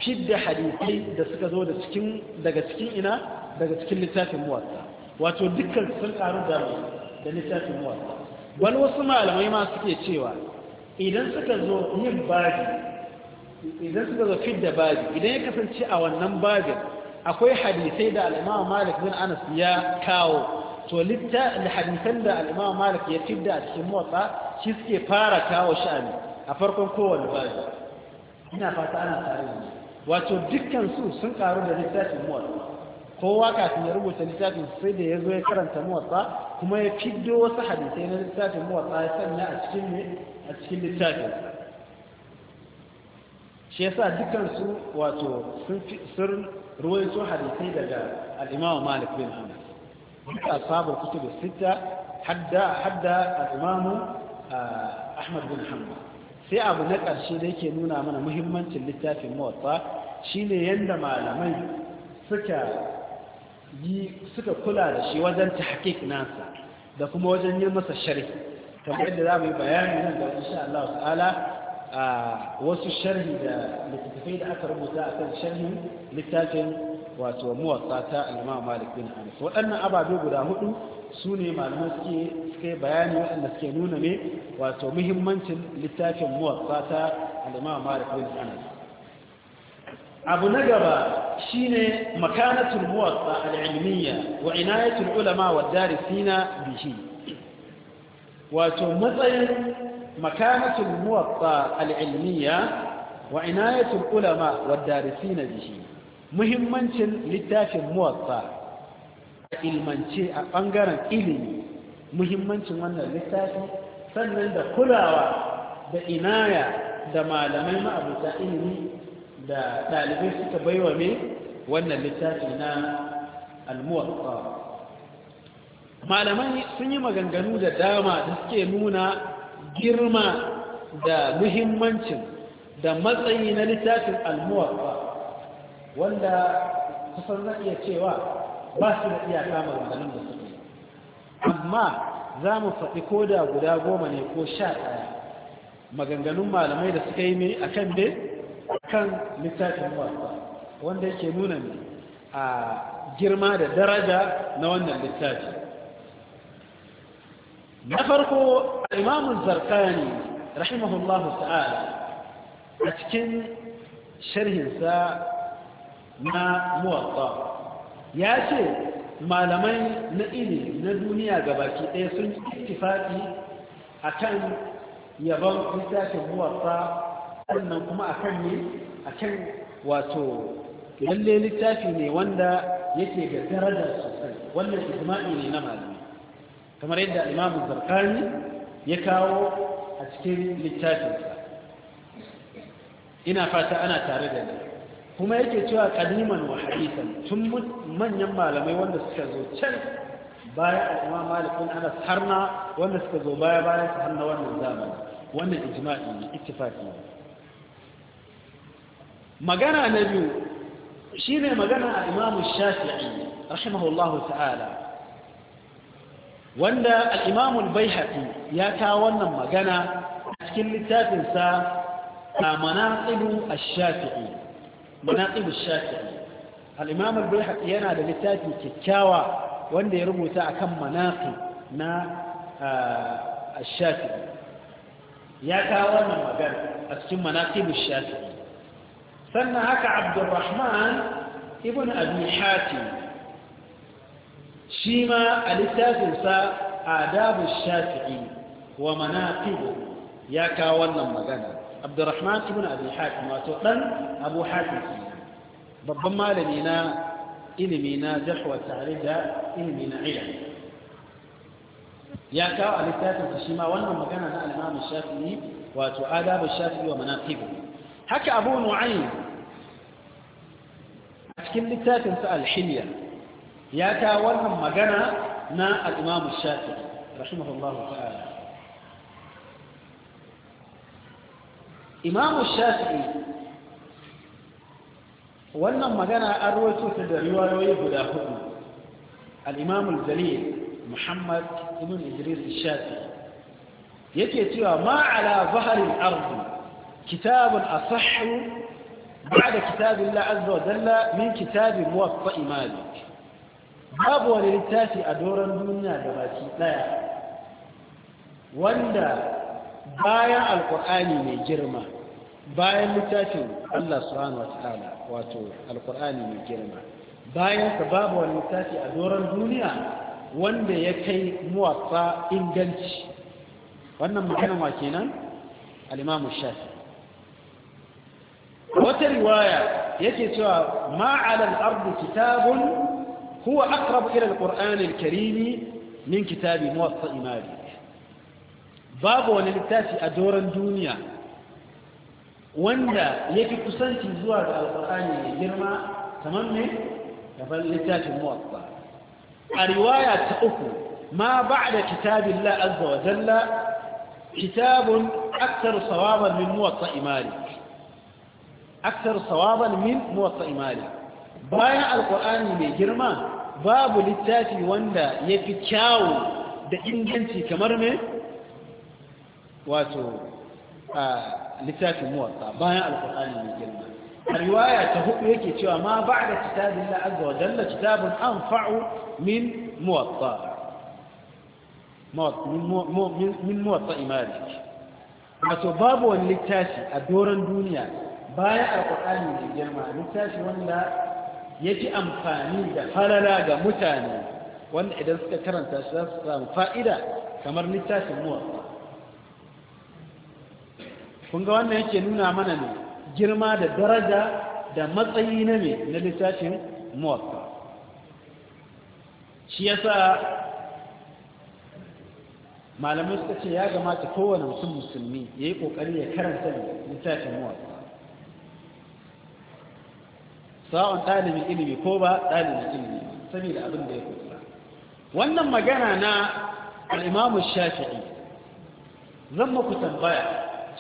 fidda hadisi da suka zo da cikin daga cikin ina daga cikin littafin muwatta wato dukkan sun karu da da littafin muwatta Wani wasu malamai ma suke cewa idan suka zo yin baji idan suka zo da babi idan ya kasance a wannan babin akwai hadisai da al'imam malik bin anas ya kawo to litta hadisan da al'imam malik ya fidda a cikin motsa shi suke fara kawo sha'ani a farkon kowane babi ina fata ana tare da wato dukkan su sun karu da littafin motsa kowa kafin ya rubuta littafin sai da ya zo ya karanta motsa kuma ya fiddo wasu hadisai na littafin motsa ya sanya a cikin littafin shi yasa dukansu wato sun ruwaito hadisai daga al'imamu malik bin anas duka ashabar kutubu sita hadda hadda al'imamu ah, ahmad bin hanbal sai abu na ƙarshe da yake nuna mana muhimmancin littafin mawatsa shine yadda malamai suka yi suka kula da shi wajen tahqiq nasa da kuma wajen yin masa sharhi kamar yadda za mu yi bayani nan da insha Allah ta'ala wasu sharhi da littattafai da aka rubuta a kan sharhin littafin wato muwatsa ta imam malik bin anas waɗannan ababe guda hudu su ne malamai suke suke bayani waɗanda suke nuna ne wato muhimmancin littafin muwatsa ta imam malik bin anas abu na gaba shine makanatul muwatsa al-ilmiyya wa inayatul ulama wa darisina bihi wato matsayin مكانة الموطا العلمية وعناية العلماء والدارسين به مهمة للتاف littafin ilmance a ɓangaren ilimi muhimmancin wannan littafi sannan da kulawa da inaya da malamai ma'abuta ilimi da ɗalibai suka baiwa mai wannan littafi na almuwa malamai sun yi maganganu da dama da suke nuna girma da muhimmancin da matsayi na littafin almuwafa wanda kusan zan iya cewa ba su da iyaka maganganun da suke amma za mu faɗi ko da guda goma ne ko sha ɗaya maganganun malamai da suka yi mai a kan dai kan littafin muwafa wanda yake nuna ne a girma da daraja na wannan littafin. na farko imamun zarkani rahimahullahu ta'ala a cikin sharhinsa na muwatta ya ce malamai na ilimi na duniya gabaki ɗaya sun ittifaki a kan yaban littafin muwatta wannan kuma a kan ne a kan wato lalle littafi ne wanda yake da daraja sosai wannan ijma'i ne na malamai kamar yadda imamu zarkani ya kawo a cikin littafinsa ina fata ana tare da ni kuma yake cewa kadiman wa hadisan tun manyan malamai wanda suka zo can baya a imam malikun ana harna wanda suka zo baya baya su harna wannan zamani wannan ijma'i ne ittifaqi ne magana na biyu shine magana a imam shafi'i rahimahullahu ta'ala wanda al'imamun bai haɗi ya ta wannan magana a cikin littafinsa a manatsibu a shafi'i manatsibu shafi'i al'imamun bai haɗi yana da littafi kyakkyawa wanda ya rubuta a kan manatsi na a shafi'i ya ta wannan magana a cikin manatsibu shafi'i sannan haka abdurrahman ibn abi hatim shi ma a littafinsa adabu shafi'i wa manaqibu ya kawo wannan magana abdurrahman ibn abi hatim wato dan abu hatim babban malami na ilimi na jarh wa ta'rif da ilimi na ilm ya kawo a littafinsa shi ma wannan magana na al-imam shafi'i wato adabu shafi'i wa manaqibu haka abu nu'aym cikin littafinsa al-hilya ya ta wannan magana na al'imamu shafi rahimahullahu ta'ala imamu shafi wannan magana an rawaito ta da riwayoyi guda hudu al'imamu dalil muhammad ibn idris shafi yake cewa ma ala zaharin arzu kitabun asahu بعد كتاب الله عز وجل من كتاب موطئ مالك babu wani littafi a doron duniya da baki ɗaya wanda bayan alkur'ani mai girma bayan littafin Allah subhanahu wata'ala wato alkur'ani mai girma bayan ka babu wani littafi a doron duniya wanda ya kai muwaffa inganci wannan magana ma kenan al-imamu shafi wata riwaya yake cewa ma 'ala al kitabun هو أقرب إلى القرآن الكريم من كتاب موطأ مالك باب ونلتاسي أدورا دنيا wanda yake kusanci zuwa ga alƙur'ani mai girma kamar ne gaban littafin muwatta a riwaya ta uku ma ba'da kitabillah azza wa jalla kitabun akthar sawaban min muwatta imali akthar sawaban min imali bayan alƙur'ani mai girma babu littafi wanda ya fi kyawu da inganci kamar mai wato a littafin muwatta bayan alkur'ani mai girma a riwaya ta hudu yake cewa ma ba da kitabin la azza wa jalla kitabun an fa'u min muwatta min muwatta imani wato babu wani littafi a doron duniya bayan alkur'ani mai girma littafi wanda ya ji amfani da falala ga mutane wanda idan suka karanta shi za su samu fa'ida kamar littafin muwa kun ga wannan yake nuna mana ne girma da daraja da matsayi na ne na littafin muwa shi yasa malamai suka ce ya gamata kowane mutum musulmi ya yi ƙoƙari ya karanta littafin muwa sa’on ɗalibin ilimi ko ba ɗalibin ilimi saboda abin da ya kusa wannan magana na al'imamu shafi'i zan muku tambaya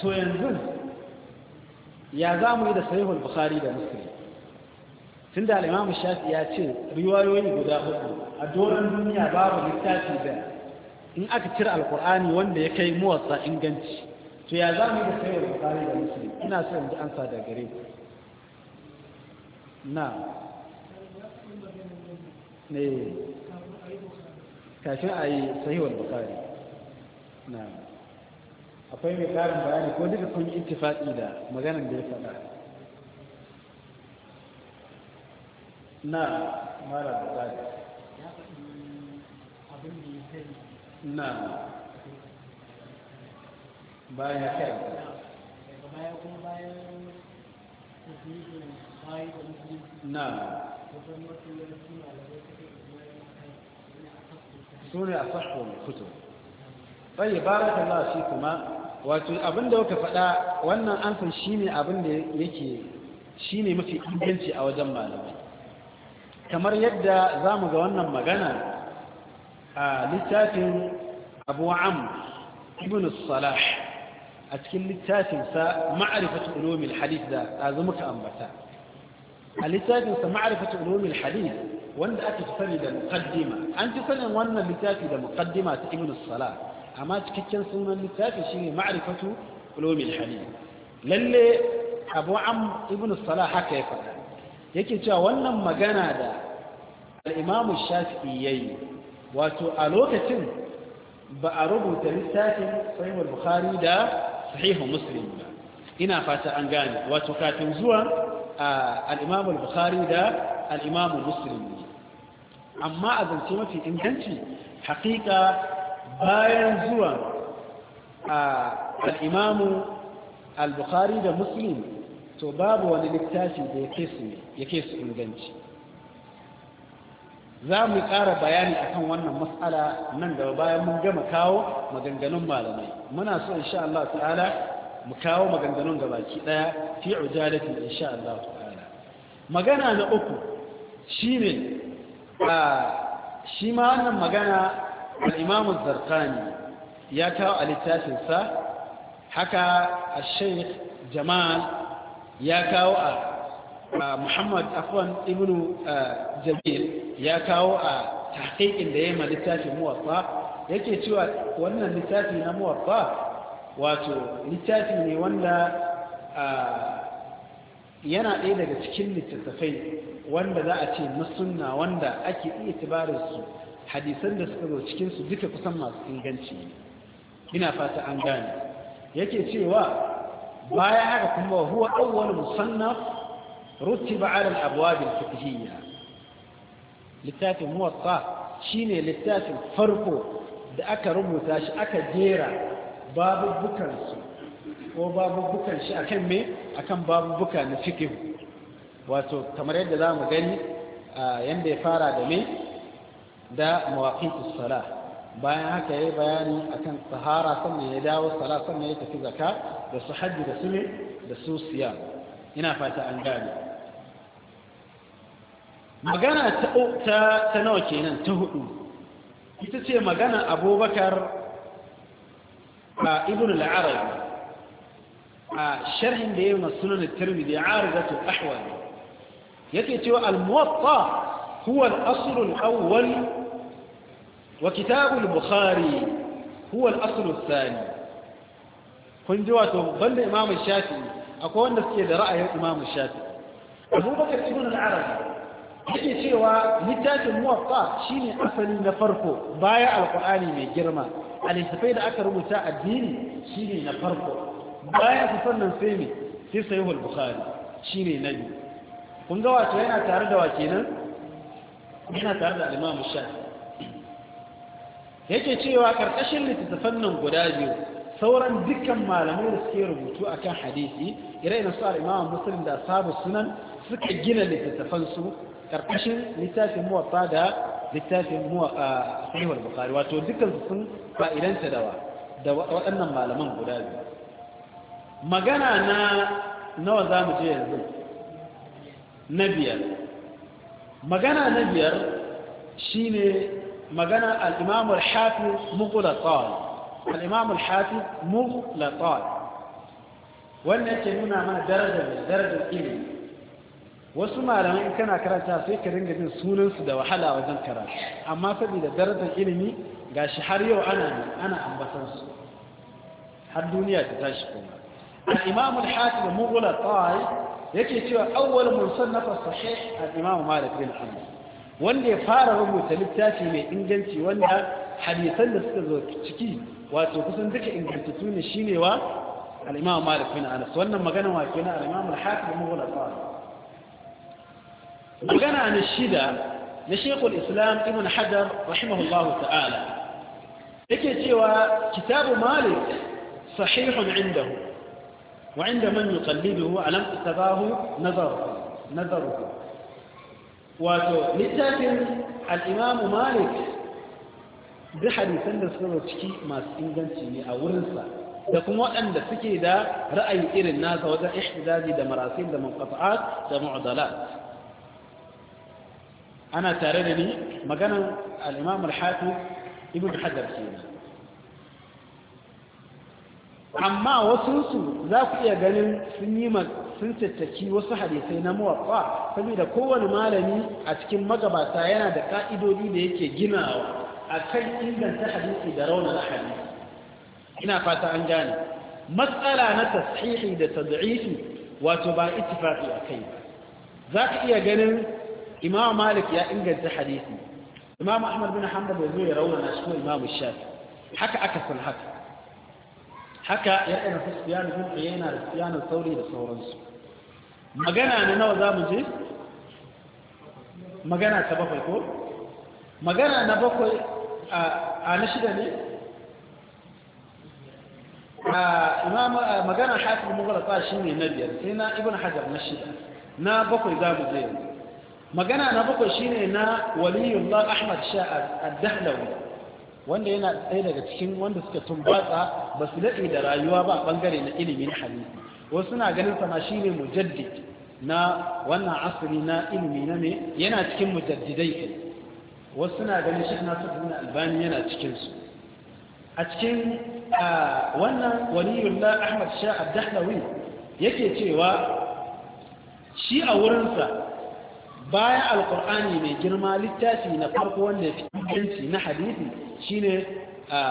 to yanzu ya za mu yi da sahihul bukhari da Musulmi? tun da al'imamu shafi'i ya ce riwayoyi guda hudu a doron duniya babu littafi da in aka cire alkur'ani wanda ya kai muwatsa inganci to ya za mu yi da sahihul bukhari da Musulmi? ina so in ji ansa da gare na eh. kafin a yi sahihar bukari na akwai mai karin bayani ko duka kun yi da maganin da ya faɗa na mara bukari na bayan ya kai bayan kuma bayan na su ne a bai baraka Allah shi kuma wato abinda kuka faɗa wannan ansan shine abin yake shine mafi inganci a wajen malamai kamar yadda zamu ga wannan magana a littafin Abu Amr ibn Salah a cikin littafin sa Ma'rifatu Ulumil Hadith da azumuka ambata a littafin sa ma'arifatu ulumul wanda aka fi da muqaddima an fi sanin wannan littafi da muqaddima ta ibn salah amma cikakken sunan litafi shine ma'arifatu ulumul hadith lalle abu am ibn salah haka ya faɗa yake cewa wannan magana da al imamu shafi'i yayi wato a lokacin ba a rubuta littafin sahih al-bukhari da sahih muslim ina fata an gane wato kafin zuwa al-imam bukhari da al Musulmi amma a zance mafi inganci haƙiƙa bayan zuwa al-imam al-bukhari da muslim to babu wani littafi da yake su inganci za mu ƙara bayani akan wannan matsala nan da bayan mun gama kawo maganganun malamai muna so insha Allah ta'ala mu kawo maganganun gabaki daya fi ujalati insha Allah ta'ala magana na uku shine shi ma wannan magana al-Imam az-Zarqani ya kawo a littafin sa haka al-Sheikh Jamal ya kawo a Muhammad Afwan ibn jabir ya kawo a tahqiqin da yayin littafin muwaffa yake cewa wannan littafi na muwaffa wato littafi ne wanda yana ɗaya daga cikin littattafai wanda za a ce masunna wanda ake iya su hadisan da suka zo cikinsu duka kusan masu inganci ina fata an gane yake cewa baya haka kuma huwa awwal musannaf rutiba ala al-abwab al-fiqhiyya littafin muwatta shine littafin farko da aka rubuta shi aka jera babubukansu ko babubukan shi akan me akan babubuka na fiqh wato kamar yadda zamu gani yanda ya fara da me da mawaqitus salah bayan haka yayi bayani akan sahara sannan ya dawo salat sannan ya tafi zakka da su hajji da su ne da su siya ina fata an gane magana ta ta nawa kenan ta hudu ita ce magana abubakar آه، ابن العربي آه، شرح ديما السنن الترمذي عارضة الأحوال يكتوى الموطى هو الأصل الأول وكتاب البخاري هو الأصل الثاني فنجواته ظل إمام الشافعي أقول نفسي لرأي إمام الشافعي أبو بكر ابن العربي yake cewa littafin muwaffa shine asali na farko bayan alkur'ani mai girma a littafai da aka rubuta addini shine na farko bayan su sannan sai ne sai sahihul bukhari shine na biyu kun ga wato yana tare da wake nan yana tare da al-imam shafi yake cewa karkashin littafan nan guda biyu sauran dukkan malamai da suke rubutu akan hadisi irai na su al-imam muslim da sabu sunan suka gina littattafansu ƙarƙashin littafin muwatta da littafin a sahihul bukhari wato dukansu sun fa'idanta da da waɗannan malaman guda biyu magana na nawa za mu je yanzu na biyar magana na biyar shine magana al-imam al-hafiz mughlatan al-imam al-hafiz mughlatan wannan yake nuna mana darajar darajar ilimi wasu malamai in kana karanta sai ka ringa jin sunansu da wahala wajen karatu amma saboda darajar ilimi gashi har yau ana ana ambatan su har duniya ta tashi kuma al-imam al-hakim mughla ta'i yake cewa awwal musannaf sahih al-imam malik bin anas wanda ya fara rubuta littafi mai inganci wanda hadisan da suka zo ciki wato kusan duka ingantattu ne shine wa al-imam malik bin anas wannan magana wa kenan al-imam al-hakim mughla ta'i أغنى عن الشدة لشيخ الإسلام ابن حجر رحمه الله تعالى إكتوى كتاب مالك صحيح عنده وعند من يقلده ألم تباه نظر نظره ولذلك الإمام مالك بحديث النسل وشكي ما سنجنتي أورنسا يقوم أن السكي ذا رأي إير الناس وذا إحدادي دا مراسيل دا منقطعات دا معضلات ana tare da ni maganan al'imam al-hafi ibn hajar kenan amma wasunsu za ku iya ganin sun yi sun tattaki wasu hadisai na muwaffa saboda kowane malami a cikin magabata yana da ƙa'idodi da yake gina a kan inganta hadisi da raunar hadisi ina fata an gane matsala na tashihi da tad'ifi wato ba ittifaqi akai za ka iya ganin إمام مالك يا إنجز حديثي إمام أحمد بن حمد يزوي يرون أشكو إمام الشافعي حكى أكثر حكى حكى يأنا في السيان يقول حيينا السيان الثوري لصور نسو ما قانا أن نوى ذا مجيس ما قانا سبب يقول ما قانا أن نبقى آه، آه، أنشدني آه، إمام ما قانا حافظ مغلطة شيني نبيا هنا ابن حجر نشد نا بقى ذا مجيس magana na bakwai shine na waliyullah ahmad sha'ad ad-dahlawi wanda yana ɗaya daga cikin wanda suka tumbatsa ba su daɗe da rayuwa ba bangare na ilimin hadisi wasu na ganin sama shine mujaddid na wannan asiri na ilimi na ne yana cikin mujaddidai wasu na ganin shi na sabbin albani yana cikin su a cikin wannan waliyullah ahmad sha'ad ad-dahlawi yake cewa shi a wurinsa bayan alkur'ani mai girma littafi na farko wanda fi na hadisi shine a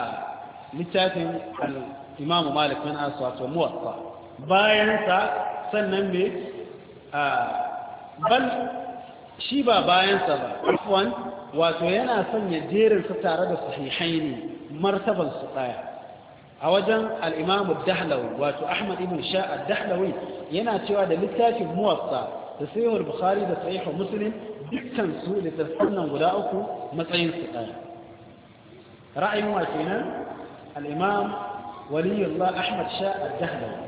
littafin al-imamu malik wato muwatta bayansa sannan mai a bal shi ba bayansa ba afwan wato yana sanya ya sa tare da sahihaini martaban su daya a wajen al-imamu dahlawi wato ahmad ibn sha'a dahlawi yana cewa da littafin muwatta تسيه البخاري تصحيح مسلم بكتن سوء لتسحن ولاؤك مسعين سؤال رأي مواتينا الإمام ولي الله أحمد شاء الدخل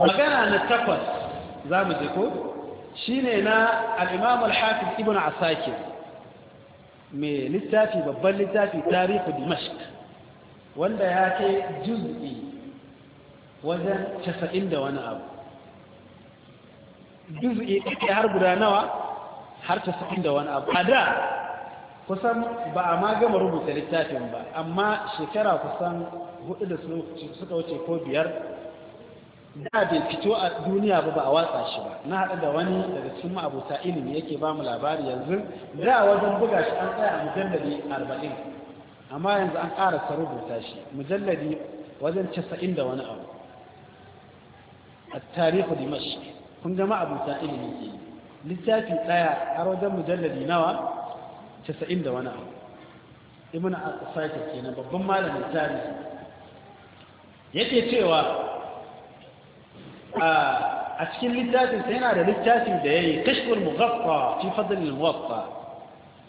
وكان عن التقوص زام الزكور شيننا الإمام الحافظ ابن عساكر من للتافي ببال للتافي تاريخ دمشق وانده هاته جزئي wajen casa'in da wani abu juz'i ɗaya har guda nawa har casa'in da wani abu a da kusan ba a ma gama rubuta littafin ba amma shekara kusan hudu da suka wuce ko biyar da bai fito a duniya ba ba a watsa shi ba na haɗu da wani daga cikin ma'abuta ilimi yake ba mu labari yanzu da wajen buga shi an tsaya a mujalladi arba'in amma yanzu an ƙarasa rubuta shi mujalladi wajen casa'in da wani abu التاريخ دمشق كم جماعة أبو سائل المسيح لساتي آية أرد مجلد نوى تسعين دوانا إمنا أصفايت السينة ببما مالا نساري يتي تيوى آه، أشكل لساتي سينة على لساتي دي قشق المغطى في فضل الموطى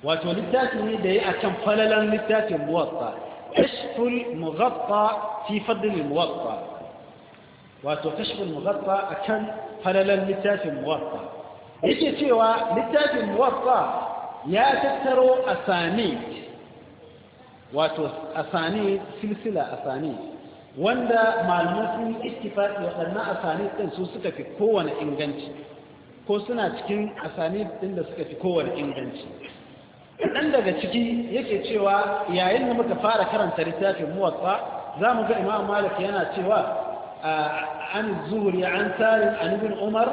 واتو لساتي دي أكم فللا لساتي الموطى قشق المغطى في فضل الموطى wato kashfin muwatta a kan falalan littafin muwatta yake cewa littafin muwatta ya tattaro asani wato asani silsila asani wanda malaman sun yi ittifaqi waɗannan asani ɗin su suka fi kowane inganci ko suna cikin asani ɗin da suka fi kowane inganci ɗan daga ciki yake cewa yayin da muka fara karanta littafin muwatta za mu ga imam malik yana cewa an zuhuri an salim a ibn umar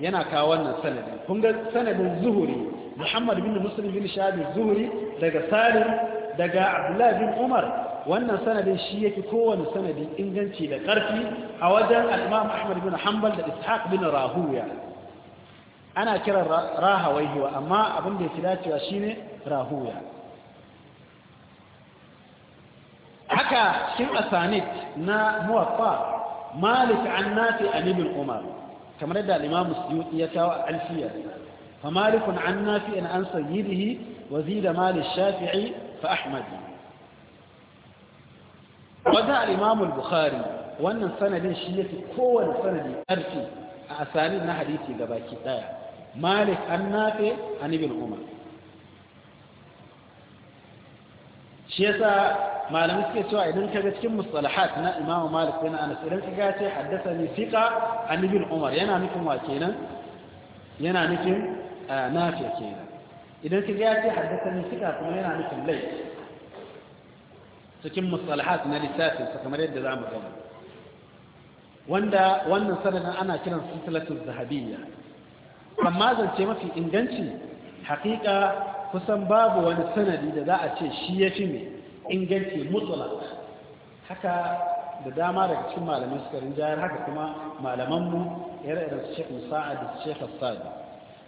yana kawo wannan sanadin kun ga sanadin zuhuri muhammad bin muslim bin shabi zuhuri daga salim daga abdullahi bin umar wannan sanadin shi yake kowane sanadi inganci da ƙarfi a wajen al ahmad bin hanbal da ishaq bin rahuya ana kiran rahawaihiwa amma abin da ya fi dacewa shine rahuya haka cikin asanit na muwaffa malik an nafi an ibn umar kamar da al-imam suyuti ya kawo alfiya fa malik an nafi an an sayyidihi wa zida malik shafi'i fa ahmad wada al-imam al-bukhari wannan sanadin shi yake kowanne sanadi karfi a asalin na hadisi gabaki daya malik an nafi an ibn umar shi yasa malamai suke cewa idan ka ga cikin mustalahat na Imam Malik bin Anas idan ka ga ce haddathani thiqa an ibn Umar yana nufin wa kenan yana nufin nafi kenan idan ka ga ce haddathani thiqa kuma yana nufin lai cikin mustalahat na lissafi kamar yadda zamu gani wanda wannan sanadin ana kiran silsilatu zahabiyya amma zance mafi inganci haƙiƙa kusan babu wani sanadi da za a ce shi ya fi mai inganci mutlak haka da dama daga cikin malaman sukarin rinjayar haka kuma malamanmu yar irin su shek musa'ad da shek hassadi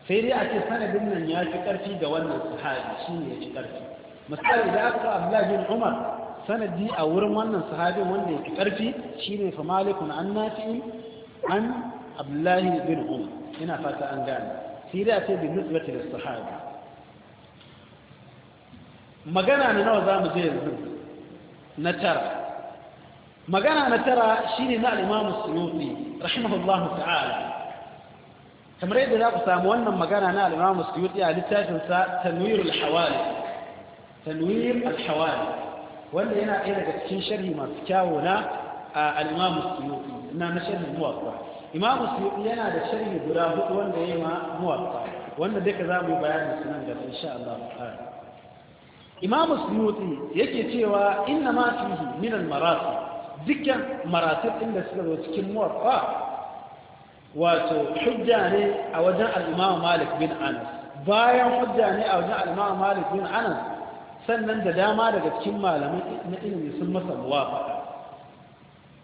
sai dai a ce sanadin nan ya fi ƙarfi ga wannan sahabi shi ne ya fi ƙarfi misali da aka abdullahi bin umar sanadi a wurin wannan sahabin wanda ya fi ƙarfi shi ne fa malikun an nafi'in an abdullahi bin umar ina fata an gane sai dai a ce bin nisbatin sahabi magana ne nawa zamu je yanzu na tara magana na tara shine na al-Imam suyuti rahimahullahu ta'ala kamar yadda za ku samu wannan magana na al-Imam suyuti a littafin sa tanwir al-hawali tanwir al-hawali wanda yana ɗaya daga cikin sharhi masu kyawu na al-Imam suyuti na na sharhi muwatta Imam suyuti yana da sharhi guda hudu wanda yayi ma muwatta wanda duka za mu yi sunan da insha Allah ta'ala imamu suyuti yake cewa inna ma fihi min al-maratib dukkan maratib din da suka zo cikin muwaffa wato hujja ne a wajen al-imamu malik bin anas bayan hujja ne a wajen al-imamu malik bin anas sannan da dama daga cikin malaman na ilimi sun masa muwafaqa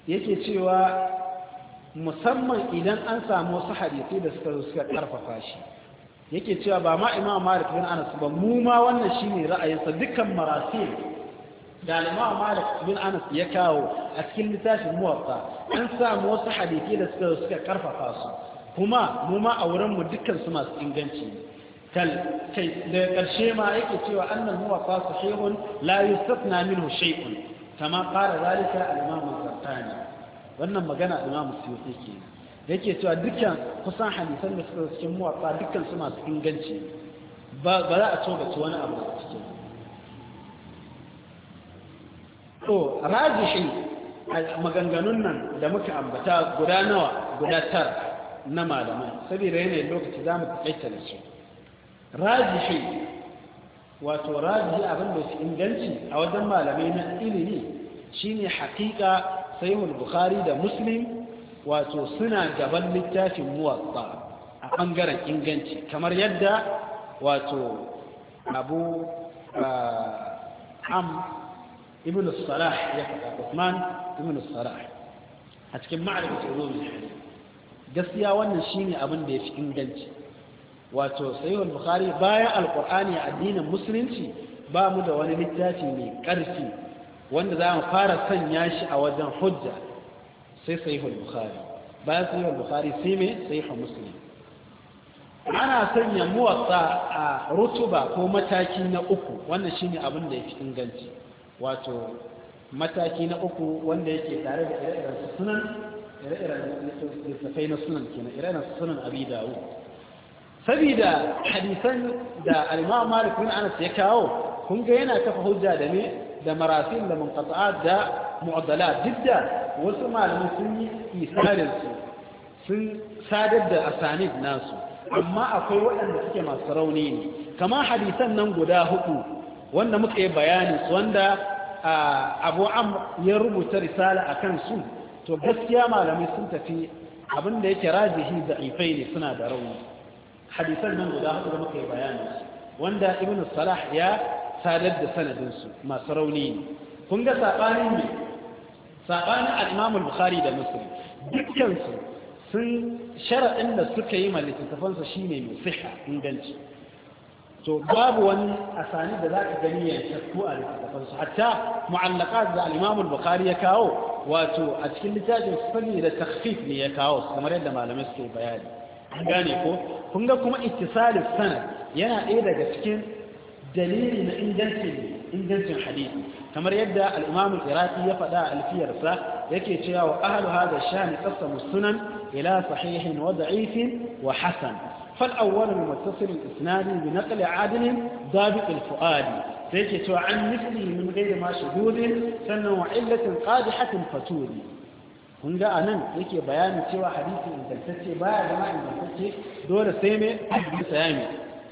yake cewa musamman idan an samu wasu hadisi da suka zo suka karfafa shi yake cewa ba ma imam malik bin anas ba mu ma wannan shine ra'ayinsa dukkan marasil da imam malik bin anas ya kawo a cikin littafin muwatta an samu wasu hadisi da suka suka karfafa su kuma mu ma a wurin mu dukkan su masu inganci kal kai da karshe ma yake cewa annal muwatta sahihun la yustatna minhu shay'un kama qala zalika al-imam al-sartani wannan magana imam suyuti kenan yake cewa dukkan kusan hadisan da suka cikin muwatsa dukkan su masu inganci ba za a tobace wani abu a cikin to a maganganun nan da muka ambata guda nawa guda tara na malamai saboda yanayin lokaci za mu kaita da su rajihi wato rajihi abin da su inganci a wajen malamai na ilimi shine haƙiƙa sahihul bukhari da muslim wato suna gaban littafin muwatsa a ɓangaren inganci kamar yadda wato abu ah, am ibn salah ya faɗa usman ibn salah a cikin ma'arifin ulumul hadith gaskiya wannan shine abin da fi inganci wato sayyid bukhari bayan alqur'ani a addinin musulunci ba mu da wani littafi mai ƙarfi wanda za mu fara sanya shi a wajen hujja sai sahihul bukhari bayan sahihul bukhari sai me sahihul muslim ana sanya muwatsa a rutuba ko mataki na uku wannan shine abin da yake inganci wato mataki na uku wanda yake tare da ire-iren sunan ire-iren littafai na sunan kenan ire-iren sunan abi dawud sabida hadisan da al-imam malik bin anas ya kawo kun ga yana kafa hujja da ne da marasil da munqata'at da mu'addalat duk wasu malamai sun yi isarinsu sun sadar da asanid nasu amma akwai waɗanda suke masu rauni ne kama hadisan nan guda hudu wanda muka yi bayani wanda abu am ya rubuta risala a kan su to gaskiya malamai sun tafi abinda yake rajihi da ifai ne suna da rauni hadisan nan guda hudu da muka yi bayani wanda ibn salah ya sadar da sanadinsu masu rauni ne kun ga saɓanin ne sabanin al'imamul bukari da musulun dukkan sun sharaɗin da suka yi malittattafansa shi ne mai siha inganci to babu wani asani da za ka gani ya shakku a littattafansu hatta mu'allaka da alimamul bukari ya kawo wato a cikin littafin sani da takfif ne ya kawo kamar yadda malamai suke bayani an gane ko kun ga kuma ittisalin sanad yana ɗaya daga cikin dalili na ne. ingancin hadisi kamar yadda al-imam ya faɗa alfiyarsa yake cewa wa ahlu haza shani ƙasa musunan ila sahihin wa da'ifin wa hasan fal awwal muttasil isnadi bi naql adil dabiq al sai yake cewa an mithlihi min ghayri ma shududin sannan wa illatin qadihatin faturi kun ga anan yake bayanin cewa hadisi ingantacce baya zama ingantacce dole sai mai hadisi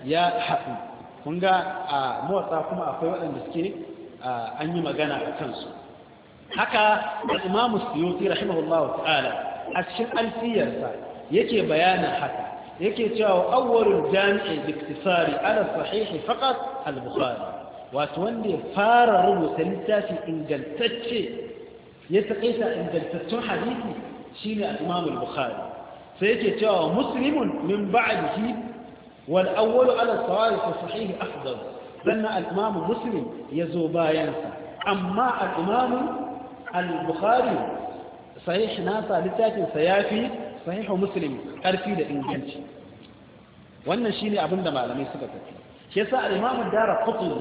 ya haɗu kun ga a motsa kuma akwai waɗanda suke an yi magana a kansu haka da imamu suyuti rahimahullahu ta'ala a cikin alfiyarsa yake bayanin haka yake cewa awwalul jami'i biktisari ala sahihi faqat al-bukhari wato wanda ya fara rubuta littafi ingantacce ya taƙaita ingantaccen hadisi shine al-imam al-bukhari sai yake cewa muslimun min ba'dihi والأول على الصوارف الصحيح أفضل لأن الإمام مسلم يزوبا ينسى أما الإمام البخاري صحيح ناسا لتاكن سيافي صحيح مسلم أرفي لإنجلش wannan shine abin malamai suka tafi shi yasa al-Imam Ad-Darqutni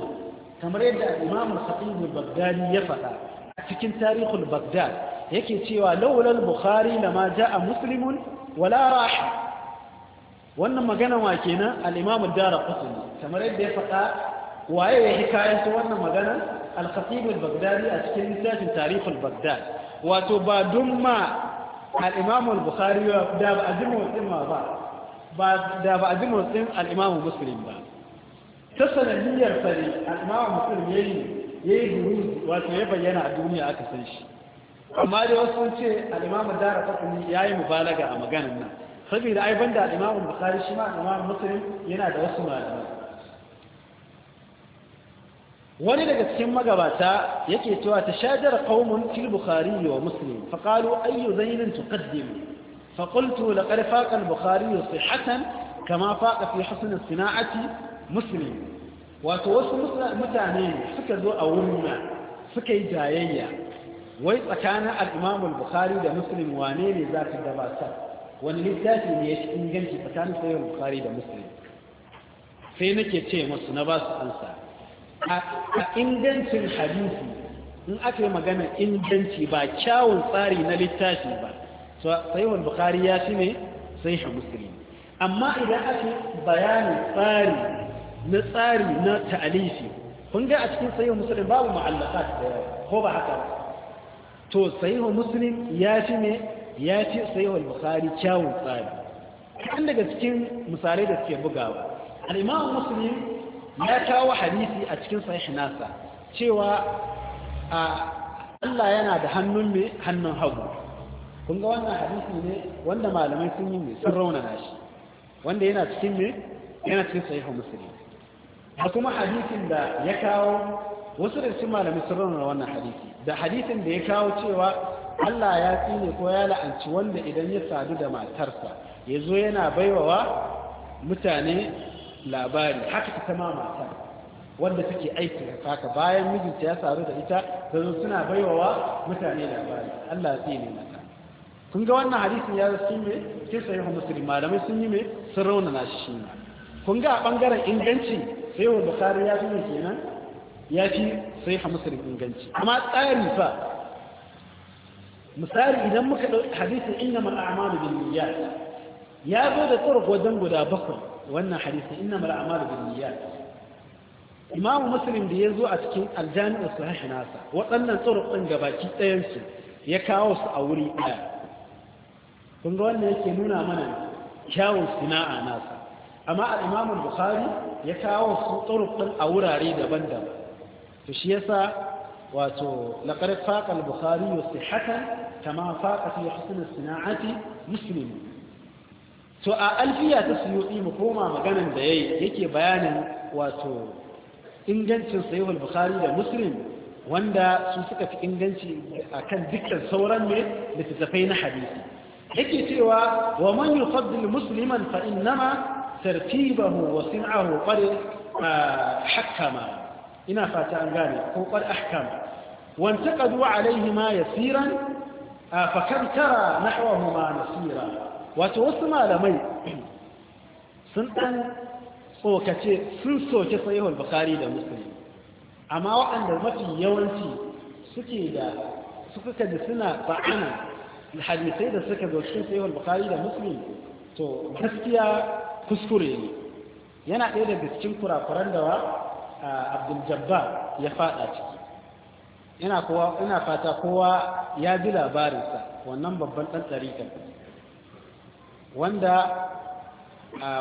kamar yadda al-Imam al ya faɗa a cikin tarihul Baghdad yake cewa laula al-Bukhari lama a muslimun wala wannan magana wa kenan al-imam ad-darqutni kamar yadda ya faɗa waye ya hikayar ta wannan magana al-khatib al-baghdadi a cikin littafin tarikh al-baghdad wato ba dumma al-imam al-bukhari da ba ajin mutsin ba ba da ba ajin mutsin al-imam muslim ba ta sanadiyar fari al-imam muslim yayi yayi duruzi wato ya bayyana a duniya aka san shi amma dai wasu sun ce al-imam ad-darqutni yayi mubalaga a maganar nan saboda ai banda al-Imam Bukhari shi ma Imam Muslim yana da wasu malamai wani daga cikin magabata yake cewa tashajara qaumun fil Bukhari wa Muslim fa qalu ayyu zainin tuqaddim fa qultu laqad faqa al-Bukhari sihhatan kama faqa fi husn as-sina'ati Muslim wato wasu mutane suka zo a wurin suka yi jayayya wai tsakanin al-Imam al-Bukhari da Muslim wane ne za gabatar wani littafi ne ya ci inganci tsakanin sayar bukari da musulun sai nake ce masu na ba su ansa a ingancin hadisi in aka yi magana inganci ba kyawun tsari na littafi ba sayar bukari ya fi ne sai shi musulun amma idan aka bayanin tsari na tsari na ta'alifi kun ga a cikin sayar musulun babu ma'allaka da eh, yawa ko ba haka ba to sayar musulun ya fi ne ya ce sai al-bukhari kyawun tsari kan daga cikin misalai da suke bugawa al-imam muslim ya kawo hadisi a cikin sahih nasa cewa a Allah yana da hannun me hannun hagu kun ga wannan hadisi ne wanda malamai sun yi mai sun raunana shi wanda yana cikin me yana cikin sahih muslim da kuma hadisin da ya kawo wasu da su malamai sun raunana wannan hadisi da hadisin da ya kawo cewa Allah ya tsine ko ya la'anci wanda idan ya sadu da matarsa ya zo yana baiwawa mutane labari haka ita ma matar wanda take aiki da haka bayan mijinta ya sadu da ita ta zo suna baiwawa mutane labari Allah ya tsine mata kun ga wannan hadisin ya rasu me sai sahihu musulmi malamai sun yi me sun raunana shi ma kun ga a bangaren inganci sai wa bukari ya fi kenan ya fi sai ha musulmi inganci amma tsari fa misali idan muka ɗauki hadisin inna mal a'malu bin niyyat ya zo da tsarf wajen guda bakwai wannan hadisin inna mal a'malu bin niyyat imamu muslim da ya zo a cikin aljami'ar sahih nasa waɗannan tsarf ɗin gabaki ɗayan su ya kawo su a wuri ɗaya kun ga wannan yake nuna mana kyawun sina'a nasa amma al Imam'u bukhari ya kawo su tsarf ɗin a wurare daban-daban to shi yasa wato laqad faqa al-bukhari sihhatan kama faqa fi husn as-sina'ati muslim to a alfiya ta suyuti mu koma maganan da yayi yake bayanin wato ingancin sahih al-bukhari da muslim wanda su suka fi inganci akan dukkan sauran ne littattafai na hadisi yake cewa wa man yufaddil musliman fa innama tartibahu wa sin'ahu qad hakama ina fata an gane ko qad ahkama وانتقدوا عليهما يسيرا فكم ترى نحوهما نسيرا وتوسما لمي سنتان tsokace sun soke sahihul bukhari da muslim amma waɗanda mafi yawanci suke da suka kaji suna ba'ana hadisai da suka zo cikin sahihul bukhari da muslim to gaskiya kuskure ne yana ɗaya daga cikin kurakuran da wa abdul jabbar ya faɗa ciki ina kowa ina fata kowa ya ji labarinsa wannan babban ɗan tsarikan wanda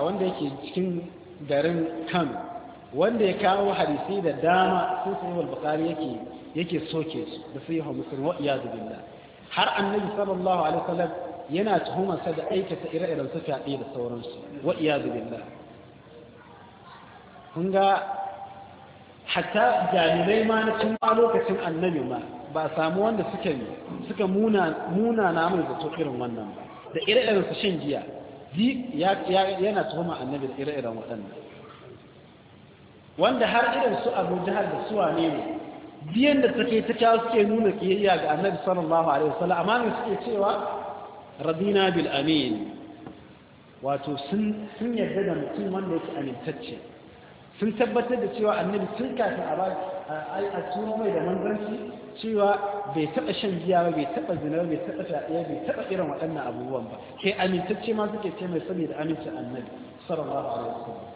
wanda yake cikin garin kano wanda ya kawo hadisi da dama sun sai wal bukari yake yake soke su da sai ha muslim wa zubin da. har annabi sallallahu alaihi wasallam yana tuhumar sa da aikata ire-iren su fadi da sauransu wa iyad zubin da. hatta jarirai ma na cin ma lokacin annabi ma ba samu wanda suka suka muna na mun zato irin wannan ba da ire-iren su shan giya yana tuhuma annabi da ire-iren waɗannan wanda har irin su abu jihar da suwa ne ne biyan da take ta kyawu suke nuna kiyayya ga annabi sallallahu alaihi wasallam amma ne suke cewa radina bil amin wato sun yarda da mutum wanda yake amintacce sun tabbatar da cewa annabi sun kafin a a mai da manzanci cewa bai taɓa shan giya ba bai taɓa zina ba bai taɓa fyaɗe bai taɓa irin waɗannan abubuwan ba sai amintacce ma suke ce mai saboda da amincin annabi sallallahu alaihi wasallam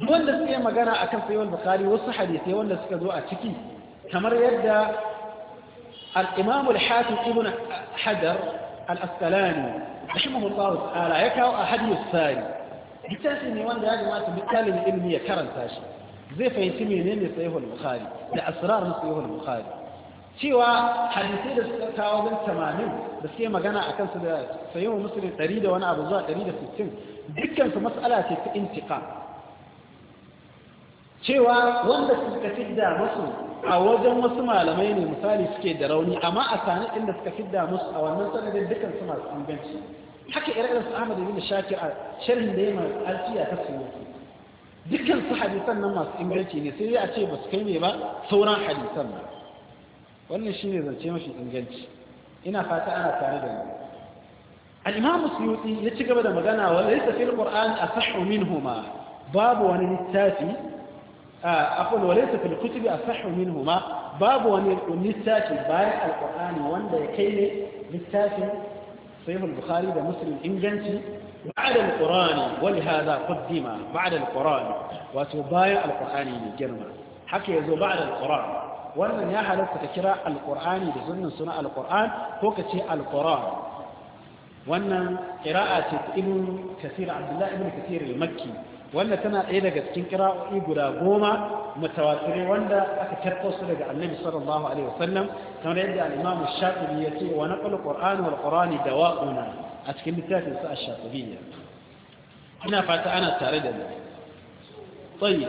duk wanda suke yi magana akan sayyid bukhari wasu hadisi wanda suka zo a ciki kamar yadda al-imam al-hafiz ibn hadar al-asqalani rahimahullahu ta'ala ya kawo a hadisi sari littafi ne wanda ya kamata duk ilimi ya karanta shi zai fahimci menene sahihul bukhari da asrarun sahihul bukhari cewa hadisai da suka kawo bin 80 da suke magana a kansu da sahihul muslim 100 da wani abu zuwa 160 dukkan su mas'ala ce ta intiqam cewa wanda suka fidda musu a wajen wasu malamai ne misali suke da rauni amma a sanin inda suka fidda musu a wannan sanadin dukkan masu inganci haka ire-iren su Ahmad bin Shakir a sharhin da yana alfiya ta su dukkan su hadisan nan masu inganci ne sai a ce ba su kai me ba sauran hadisan ba wannan shine zance mafi inganci ina fata ana tare da ni al-Imam Suyuti ya ci gaba da magana wa laysa fil Qur'an asahhu minhuma babu wani littafi أقول وليس في الكتب أصح littafi باب ونساك wanda ya kai ne للساك صحيح البخاري ومسلم إنجنسي بعد القرآن ولهذا قدم بعد القرآن وتبايع القرآن الجرمى حكى يزو بعد القرآن wannan ya halatta ka kira alkur'ani da sunan suna alkur'an ko ka ce alkur'an wannan ƙira'a ce ibn kasir abdullahi ibn kasir al-makki wanda tana ɗaya daga cikin kira'o'i guda goma mutawatirai wanda aka tarko su daga annabi sallallahu alaihi wasallam kamar yadda al-imamu shafi'i ya ce wa naqal qur'an wal qur'ani dawa'una a cikin littafin sa ash-shafi'i ina fata ana tare da ni tayi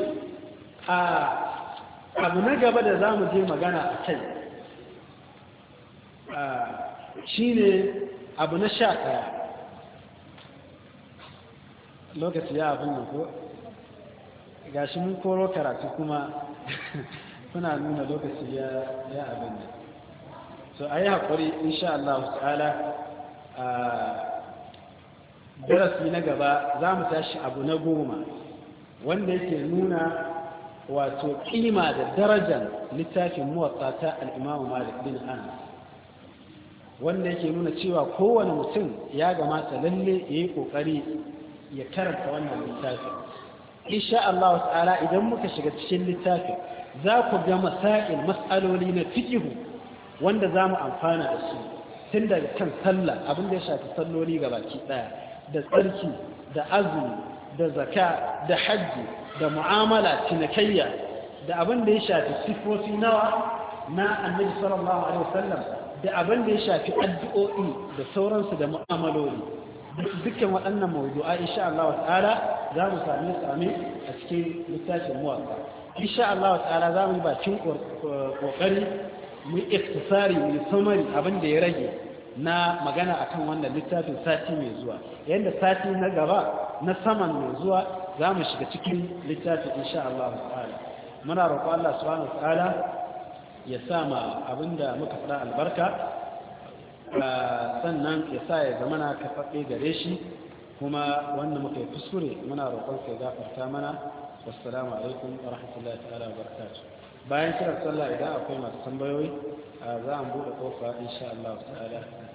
a abu na gaba da zamu je magana a kai shine abu na sha lokaci ya abin da ko ga shi mun koro karatu kuma kuna nuna lokaci ya abin da so a yi haƙuri insha Allah ta'ala a darasi na gaba za mu tashi abu na goma wanda yake nuna wato kima da darajar littafin muwatsa ta al'imamu malik bin anas wanda yake nuna cewa kowane mutum ya gamata lalle ya yi ƙoƙari ya karanta wannan littafin insha Allah ta'ala idan muka shiga cikin littafin za ku ga masail mas'aloli na fiqhu wanda za mu amfana da su tun daga kan sallah abin da ya shafi salloli ga baki daya da tsarki da azumi da zaka da hajji da mu'amala cinikayya da abin da ya shafi sifofi nawa na annabi sallallahu alaihi wasallam da abin da ya shafi addu'o'i da sauransu da mu'amaloli dukkan waɗannan maudu'a, insha Allah ta'ala za mu sami sami a cikin littafin muwaka insha Allah ta'ala za mu bakin kokari mu iktisari mu samari abin da ya rage na magana akan wannan littafin sati mai zuwa yanda sati na gaba na saman mai zuwa za mu shiga cikin littafin insha Allah ta'ala muna roƙo Allah subhanahu wa ta'ala ya sa ma abinda muka fara albarka sannan ya sa ya zama ka faɗe gare shi kuma wanda muka yi kuskure muna roƙon sai gafarta mana wassalamu alaikum wa rahmatullahi ta'ala wa barakatu bayan kiran sallah idan akwai masu tambayoyi za a buɗe kofa insha Allah ta'ala